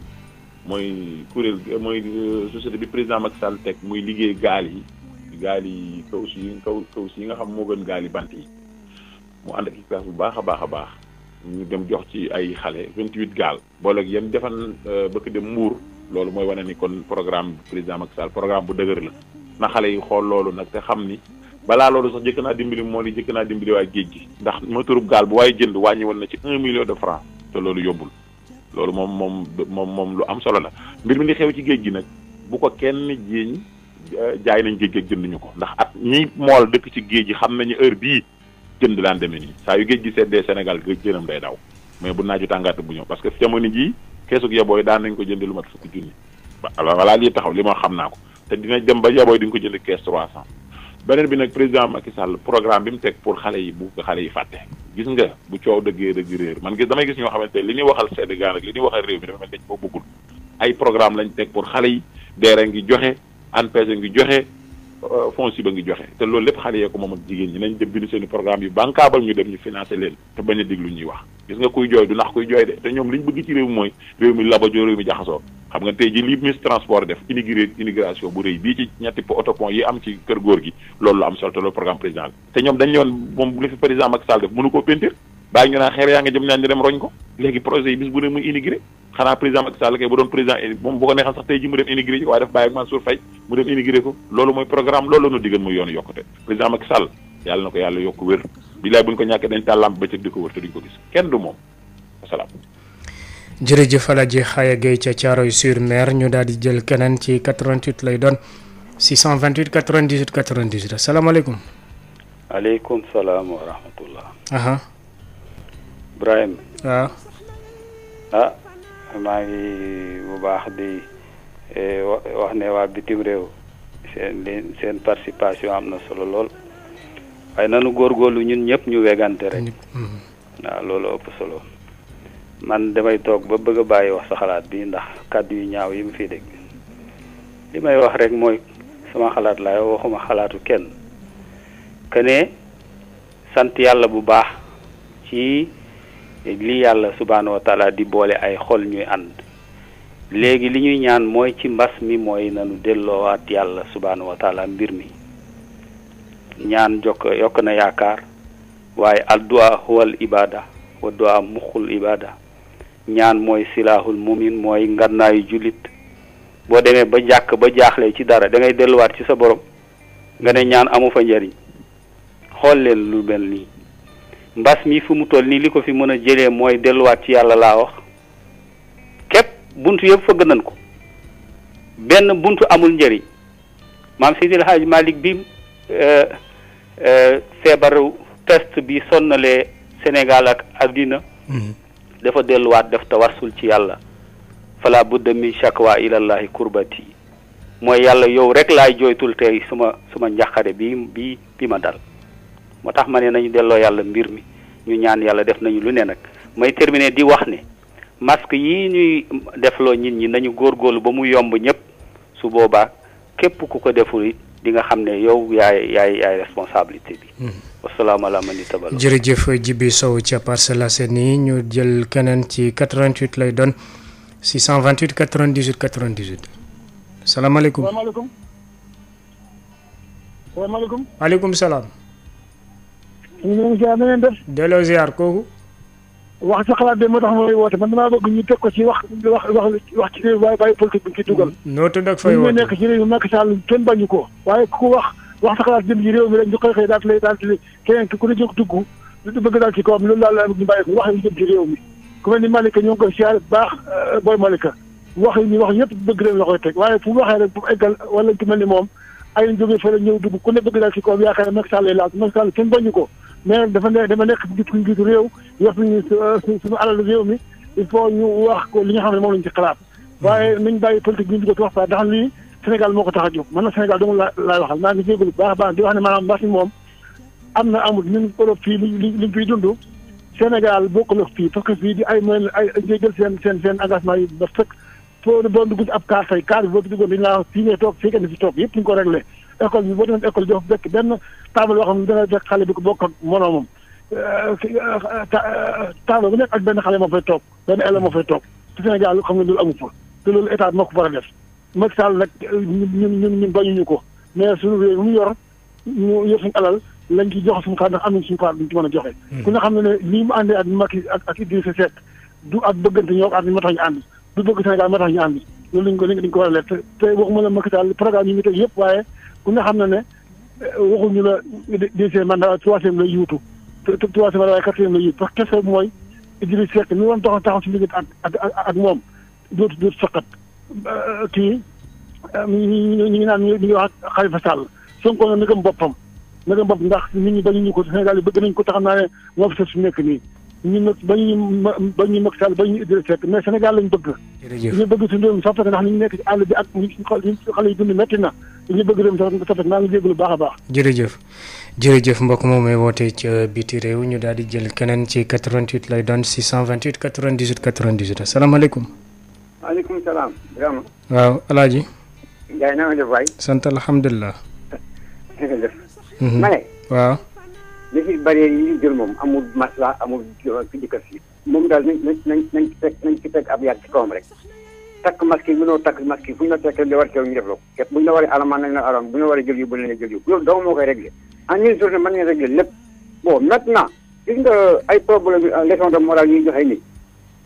mooy kuréel mooy euh, société bi président Macky Sall teg muy liggéey gaal yi. gaal yi kaw si kaw kaw si yi nga xam moo gën gaal yi bant yi. mu ànd ak bu baax a baax a baax. ñu dem jox ci ay xale 28 gaal booleeg yéen defan euh, bëkk dem mbuur loolu mooy wane ni kon programme président Macky Sall programme bu dëgër la na xale yi xool loolu nag te xam ni balaa loolu sax jëkk naa dimbali moo li jëkk naa dimbali waa géej gi ndax motorub gaal bu waaye jënd wàññi woon na ci un million de franc te loolu yóbbul loolu moom moom moom moom lu am solo la mbir mi li xew ci géej gi nag bu ko kenn jiiñ euh, jaay nañ géej géej jënduñu ko ndax at ñi mool dëkk ci géej gi xam nañu heure bii jën di daan demee nii saa yu géej gi seddee Sénégal géej jënam day daw mais bu naaju tàngaat bu ñëw parce que jamono jii keesug yabooy daan nañ ko jënd lu mat fukki junni voilà lii taxaw li ma xam naa ko te dina dem ba yabooy di nga ko jënd kees 300 beneen bi nag président Macky Sall programme bi mu teg pour xale yi bu ko xale yi fàtte gis nga bu coow dëggee dëgg réer man gis damay gis ñoo xamante li ñuy waxal Sénégal ak li ñuy waxal réew mi dafa mel dañ ko bëggul ay programme lañ teg pour xale yi deere ngi joxe ANPEJ ngi joxe Euh, fonds ba ngi joxe te loolu lépp xale yee ko moom ak jigéen ñi nañ dem seeni programme yu bancable ñu dem ñu financé leen te bañ a ñuy wax gis nga kuy jooy du nax kuy jooy de te ñoom li bëgg ci réew mi mooy réew mi labajoo réew mi jaxasoo xam nga tey ji li ministre transport def inauguré inauguration bu rëy bii ci ñetti autopont yi am ci kër góor gi loolu am solo te loolu programme président te ñoom dañ ne moom li fi président Macky Sall def mënu bàyyi ñu naan xeer yaa nga jëm ñaan ñu dem roñ ko léegi projet yi bis bu ne muy immigré xanaa président Macky Sall kay bu doon président moom ko neexal sax tey ji mu dem immigré ji waaye daf bàyyi ak Mansour Faye mu dem immigré ko loolu mooy programme loolu la ñu digal muy yoonu yokkute président Macky Sall yàlla na ko yàlla yokk wér bilaay bu ñu ko ñàkkee dañ tàllam bëccëg di ko wër te duñ ko gis kenn du moom wasalaam jërëjëf Alaaji Xaaya Gay ca Caaroy sur Mer ñu daal di Ibrahima. Ah. waaw. ah maa ngi bu baax di eh, wax ne waa bitim réew seen seen participation am na solo lool waaye nanu góorgóorlu ñun ñëpp ñu wegante rek. Mhm. waaw loolu ëpp solo man damay toog ba bëgg a bàyyi wax sa xalaat bi ndax kàddu yu ñaaw yi mu fi dégg li may wax rek mooy sama xalaat laay waxuma xalaatu kenn que sant yàlla bu baax ci. li yàlla subhaanahu wa di boole ay xol ñuy ànd léegi li ñuy ñaan mooy ci mbas mi mooy nanu delloowaat yàlla subhaanahu mbir mi ñaan jokk yokk na yaakaar waaye addu'a huwal ibaada wa du'a muxul ñaan mooy silaahul mumin mooy ngannaayu jullit boo demee ba jàkk ba jaaxle ci dara da delluwaat ci sa borom nga ne ñaan amu fa njariñ xool leen lu mel nii mbas mi fu mu toll nii li ko fi mën a jëlee mooy delluwaat ci yàlla laa wax képp bunt yëpp fëgg nañ ko benn bunt amul njëriñ maam Seydil Hadj malik bi euh, euh, feebaru test bi sonnale Sénégal ak addina mhm. dafa delluwaat def tawarsul ci yàlla fala budda min shakwa ilallahi kurbati mooy yàlla yow rek laay jooytul tey suma suma njaqare bi bi bi ma dal moo tax ma ne nañu delloo yàlla mbir mi ñu ñaan yàlla def nañu lu ne nag may terminer di wax ne masque yi ñuy defloo nit ñi nañu góor góorlu ba mu yomb ñëpp su boobaa képp ku ko deful it di nga xam ne yow yaay yaay yaay responsabilité bi. Hmm. wasalaamaaleykum. jërëjëf Djibi Sow ca Parcelles Assainies ñu jël keneen ci 88 lay doon 628 98 98. salaamaaleykum. waaleykum salaam. ñu ziar na ngeen def. delloo ziar kooku. wax sa xalaat de moo tax ma lay woote man damaa bëgg ñu teg ko ci wax wax wax ci réew waaye bàyyi politique bi ñu ciy dugal. Mm, noo tudd ak fooy woote ñu nekk ci réew mi Macky Sall kenn bañu ko. waaye ku wax wax sa xalaat jëm ci réew mi rek ñu koy xëy daal di lay daal di keneen ku ne jóg dugg lu bëgg daal ci kawam loolu daal la ñu bàyyi ko wax yi jëm ci réew mi. ku mel ni Malika ñoo ngi koy siyaare bu baax euh, booy Malika wax yi ñu wax yëpp bëgg leen la koy teg waaye fu mu waxee rek bu eggal wala ku mel ni moom ay lañ jógee fële yaakaar ne ko euh, mi il faut ñu wax ko xam ne moom lañ ci xalaat waaye nañ bàyyi politique bi ñu dugg ci waxtaan ndax lii moo ko tax a jóg man nag Sénégal dama la laay waxal maa ngi jégalu baax a baax di wax ne maanaam mbas moom am na amul ñun Europe fii li liñ fiy dund Sénégal bokkul ak fii parce que fii di ay moyen ay jël seen seen seen engagement yi foo doon dugg ci ab kaas tey kaas bi boo ci duggoon dañu laa wax fii ngay toog fii kenn fi toog yëpp ñu ko réglé école bi boo demee école dafa fekk benn taabal boo xam ne dana fekk ko bokk euh, euh, benn xale moo fay toog benn moo fay toog ci xam nga loolu amu fa te loolu état moo ko war a def Macky Sall nag euh, ñun ñun bañuñu ko mais suñu réew mu yor mu yor suñu alal lañ ci joxe suñu xaar ndax am nañ suñu xaar duñ ci mën a joxe. Hmm. ku nga xam ne ne lii mu àndee ak Macky ak ak Idrissa Seck du ak bëggante ñoo ko ànd moo tax ñu ànd du bëgg Sénégal moo tax ñu ànd loolu lañ ko dañ ko war a leer te te waxuma la Macky Sall programme yi ñu teg yëpp waaye ku nga xam ne ne euh, waxuñu la deuxième mandat troisième lay yuutu troisième mandat waaye quatrième lay yuutu parce que kese mooy Idriss Seck mi waroon taxaw taxaw si diggante ak ak ak moom dootu dootu saqat euh, kii ñu euh, ngi naan ñu ngi wax ak Khalifa Sall Sonko na nëgëm boppam nëgëm bopp ndax ni ñu bañu ñu ko Sénégal yi bëgg nañ ko taxam naa ne moom sa su nekk nii ñu ba ñu ba mag Sall ba ñu Idrissa Seck mais Sénégal lañ bëgg. ñu bëgg suñu réew mi bi ak ñu xale yi na ñu bëgg réew mi soppeeku baax a baax. jërëjëf jërëjëf mbokk moom may wootee ca euh, biti réew ñu daal di jël keneen ci 88 lay doon 628 98 98 asalaamaaleykum. maaleykum salaam. waaw El Hadj. Ndiaye na nga def waay. sant alhamdulilah. na nga mhm. waaw. li fi barrières yi ñu jël moom amul masla amul fi jëkkër si moom daal nañ nañ nañ ci teg ab yàgg ci kawam rek takk masque yi mënoo takk masque fu ñu la tekkee li war teew ñu def la ko bu ñu la waree alamaan nañ la alamaan bu ñu la waree jël yu bu ñu la jël yu loolu dong moo koy réglé en une journée mën ngeen réglé lépp bon maintenant gis nga ay problème euh, leçon de morale yi joxe nii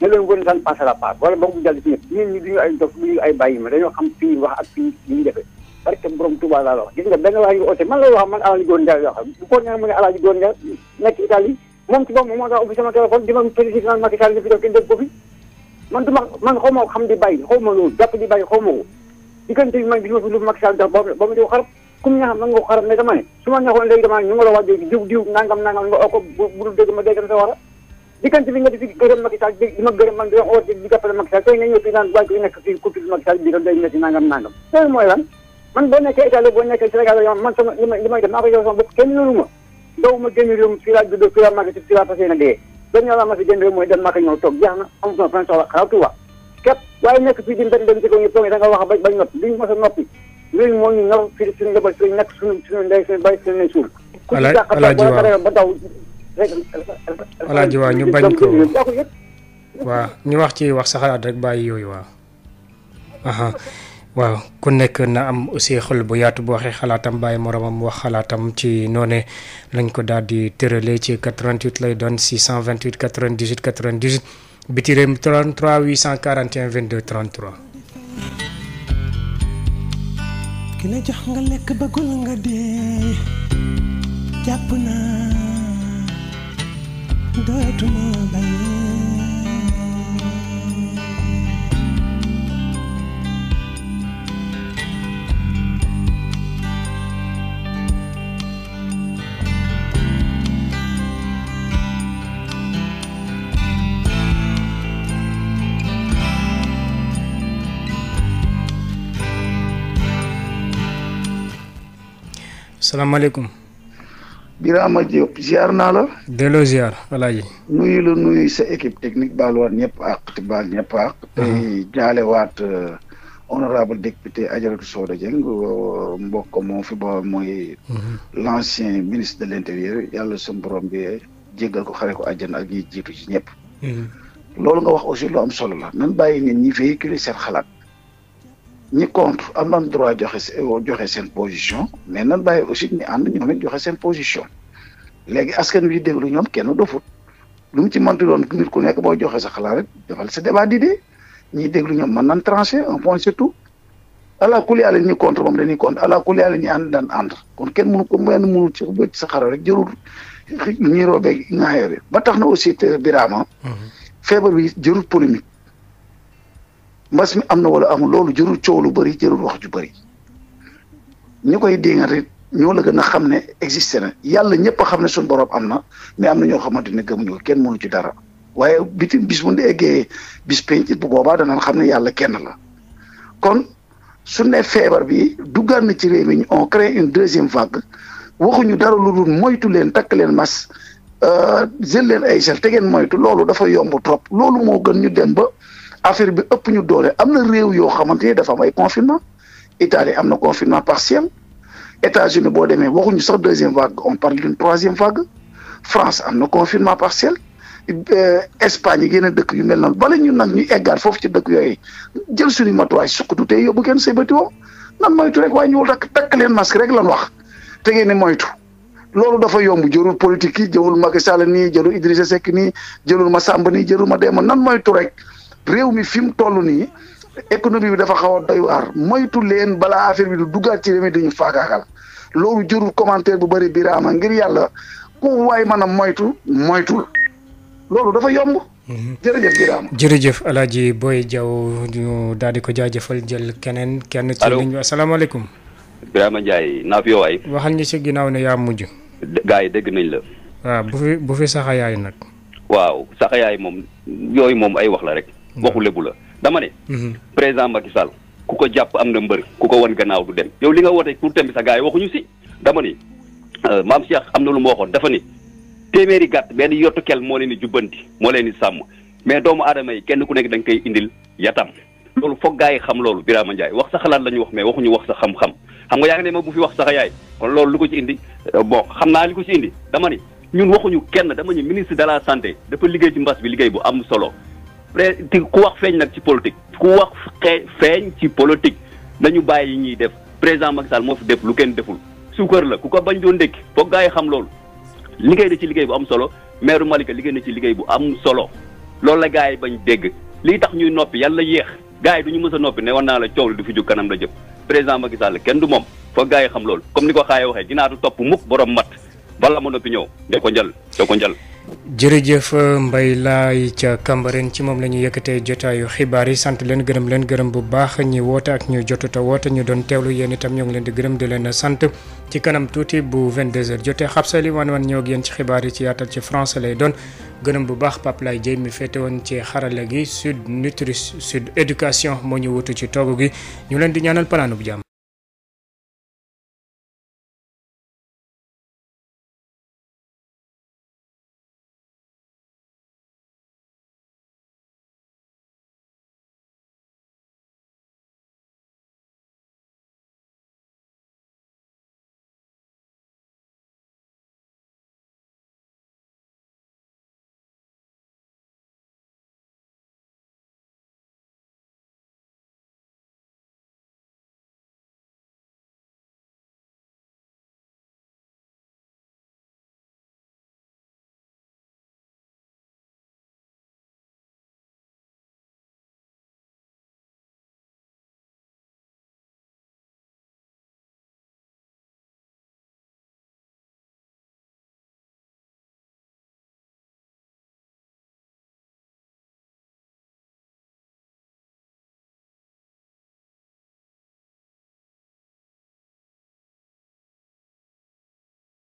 ne leen won san passé la part wala ba mu jàll si ñëpp ñun duñu ay bàyyi ma dañoo xam fii wax ak fii li barke borom Touba laa wax gis nga benn waa ngi oote man la wax man Alaaji Góor Njaay yoo nekk Italie moom ci boppam moo tax ubbi ba ba mu diw xarab comme ña xam na nga ko xarab ne dama ne su ma neexoon léegi dama ne ñu nga la wàjjo a bi nga di fi gërëm Macky Sall di ma gërëm man di bi day metti nangam nangam loolu mooy lan man boo nekkee Italie boo nekkee Sénégal yow man sama daw ma génn réew mi fii laa juddoo fii laa màgg si fii laa fas yéene dee benn yoon mooy dem Màkka ñëw toog jeex na amut nekk fii di mbedd dem ci kaw da nga wax ba bañ noppi a noppi léegi moo ñu ñor fii suñu njaboot suñu nekk suñu suñu ndey suñu bay suñu nañ suul ku ci jàqata ba daw ñu wax ci wax sa xalaat rek bàyyi yooyu waaw waaw ku nekk na am aussi xol bu yaatu bu waxee xalaatam bàyyi moroomam wax xalaatam ci noone lañ ko daal di tëralee ci 88 lay doon 628 98 98 biti réew 33 841 22 33. ki la jox nga lekk bëggul nga dee jàpp naa salaamaaleykum. Birama Diop ziar naa la. delloo ziar alaaji. nuyu la nuyu sa équipe technique baaluwaat ñëpp àq te baal ñëpp àq. tey jaalewaat euh, honorable député Adjaratou Soda Dieng euh, mbokk moom fi ba mooy. Mhm. l' ministre de l' yàlla suñu borom bi jéggal ko xare ko àjjana ak ñi jiitu ci ñëpp. Mhm. loolu nga wax aussi loo am solo la nan bàyyi ngeen ñi véhiculer seen xalaat. ñi contre am nañ droit joxe joxe seen position mais nan bàyyi aussi ñi ànd ñoom it joxe seen position léegi askan wi déglu ñoom kenn dofut lu mu ci mënti doon ku nekk boo joxe sa xalaat rek defal sa débat d'idée ñiy déglu ñoom mën nañ tranché un point surtout ala kulli àll ñi contre moom dañuy contre ala kulli àll ñi ànd daan ànd kon kenn mënu ko benn mënu ci sa xalaat rek jërul ñi roobee ñaayoo bi ba tax na aussi te mhm. feebar bi jërul polémique mbas mi am na wala amul loolu jërul coow lu bëri jërul wax ju bëri ñi koy déngat ñoo la gën a xam ne existé na yàlla ñëpp xam ne suñu borom am na mais am na ñoo xamante ne gëmuñu ko kenn mënu ci dara waaye bitim bis bu eggee bis penc bu boobaa danañ xam ne yàlla kenn la kon su ne feebar bi duggaan na ci réew mi ñu on crée une deuxième vague waxuñu dara lu dul moytu leen takk leen mas euh, jël leen ay gel te ngeen moytu loolu dafa yomb trop loolu moo gën ñu dem ba. affaire bi ëpp ñu doole am na réew yoo xamante ne dafa am ay confinement Italie am na confinement partiel États-Unis boo demee waxuñu sax deuxième vague on parle d'une troisième vague France am na confinement partiel euh, Espagne yi yeneen dëkk yu mel noonu bala ñu nag ñu eggaat foofu ci dëkk yooyu jël suñu matuwaay sukkatu tey yóbbu kenn say bati woo nan moytu rek waaye ñu takk takk leen masque rek lan wax te ngeen ne moytu loolu dafa yomb jërul politique yi jërul Macky Sall nii jërul Idrissa Seck nii jërul Massamba nii jërul ma deema nan moytu rek réew mi fi mu toll nii économie bi dafa xawa a moytu leen balaa affaire bi du duggaat ci réew dañu faagaagal loolu jërul commentaire bu bari Birama ngir yàlla ku waay mën a moytu moytul loolu dafa yomb. Mhm. jërëjëf Birama. jërëjëf booy Hadj ñu daal di ko jaajëfal jël keneen. kenn ci liñ bi asalaamaaleykum. Birama Ndiaye naaf yoo waay. waxal ñu ci ginnaaw ne yaa mujj. gaa yi dégg nañ la. waaw bu fi bu fi saxayaay nag. waaw saxayaay moom yooyu moom ay wax la rek. waxu lébu la dama ne. Mhm. président Macky Sall ku ko jàpp am na mbër ku ko wan gannaaw du dem yow li nga woote pour tembi sa gars yi waxuñu si dama ni euh, maam am na lu ma waxoon dafa ni téeméeri gàtt benn yottu kel moo leen di jubbanti moo leen sàmm mais doomu aadama yi kenn ku nekk da koy indil yatam loolu foog gars yi xam loolu Birama Ndiaye wax sa xalaat la ñu wax mais waxuñu wax sa xam-xam xam nga yaa ma bu fi wax sax yaay kon loolu lu ko ci indi euh, bon xam naa li ko ci indi dama ni ñun waxuñu kenn dama ñu ministre de la santé dafa liggéey ci mbas bi liggéey bu am solo ku wax feeñ nag ci politique ku wax feeñ ci politique nañu bàyyi ñuy def président Macky Sall moo fi lu kenn deful suukar la ku ko bañ doon ndékki foog gaa yi xam loolu liggéey na ci liggéey bu am solo maire Malika liggéey na ci liggéey bu am solo loolu la gaa yi bañ dégg lii tax ñuy noppi yàlla yéex gaa yi du ñu mës a noppi woon naa la coow li du kanam la jëm président Macky Sall kenn du moom foog gaa yi xam loolu comme ni ko xaayee waxee ginaatu topp mukk borom mat bala ma noppi ñëw de ko njal de ko njal jërëjëf Mbaye laay ca Cambérène ci moom la ñu yëkkatee jotaayu xibaar yi sant leen gërëm leen gërëm bu baax ñi woote ak ñu jotuta woote ñu doon teewlu yéen itam ñoo ngi leen di gërëm di leen sant ci kanam tuuti bu 22h jotee xabsali wan wan ñëw ak yéen ci xibaar yi ci yaatal ci français lay doon gërëm bu baax Pape Laye Dieye mi féete woon ci xarala gi sud nutri sud éducation moo ñu wutu ci togg gi ñu leen di ñaanal palaanu bu jàmm.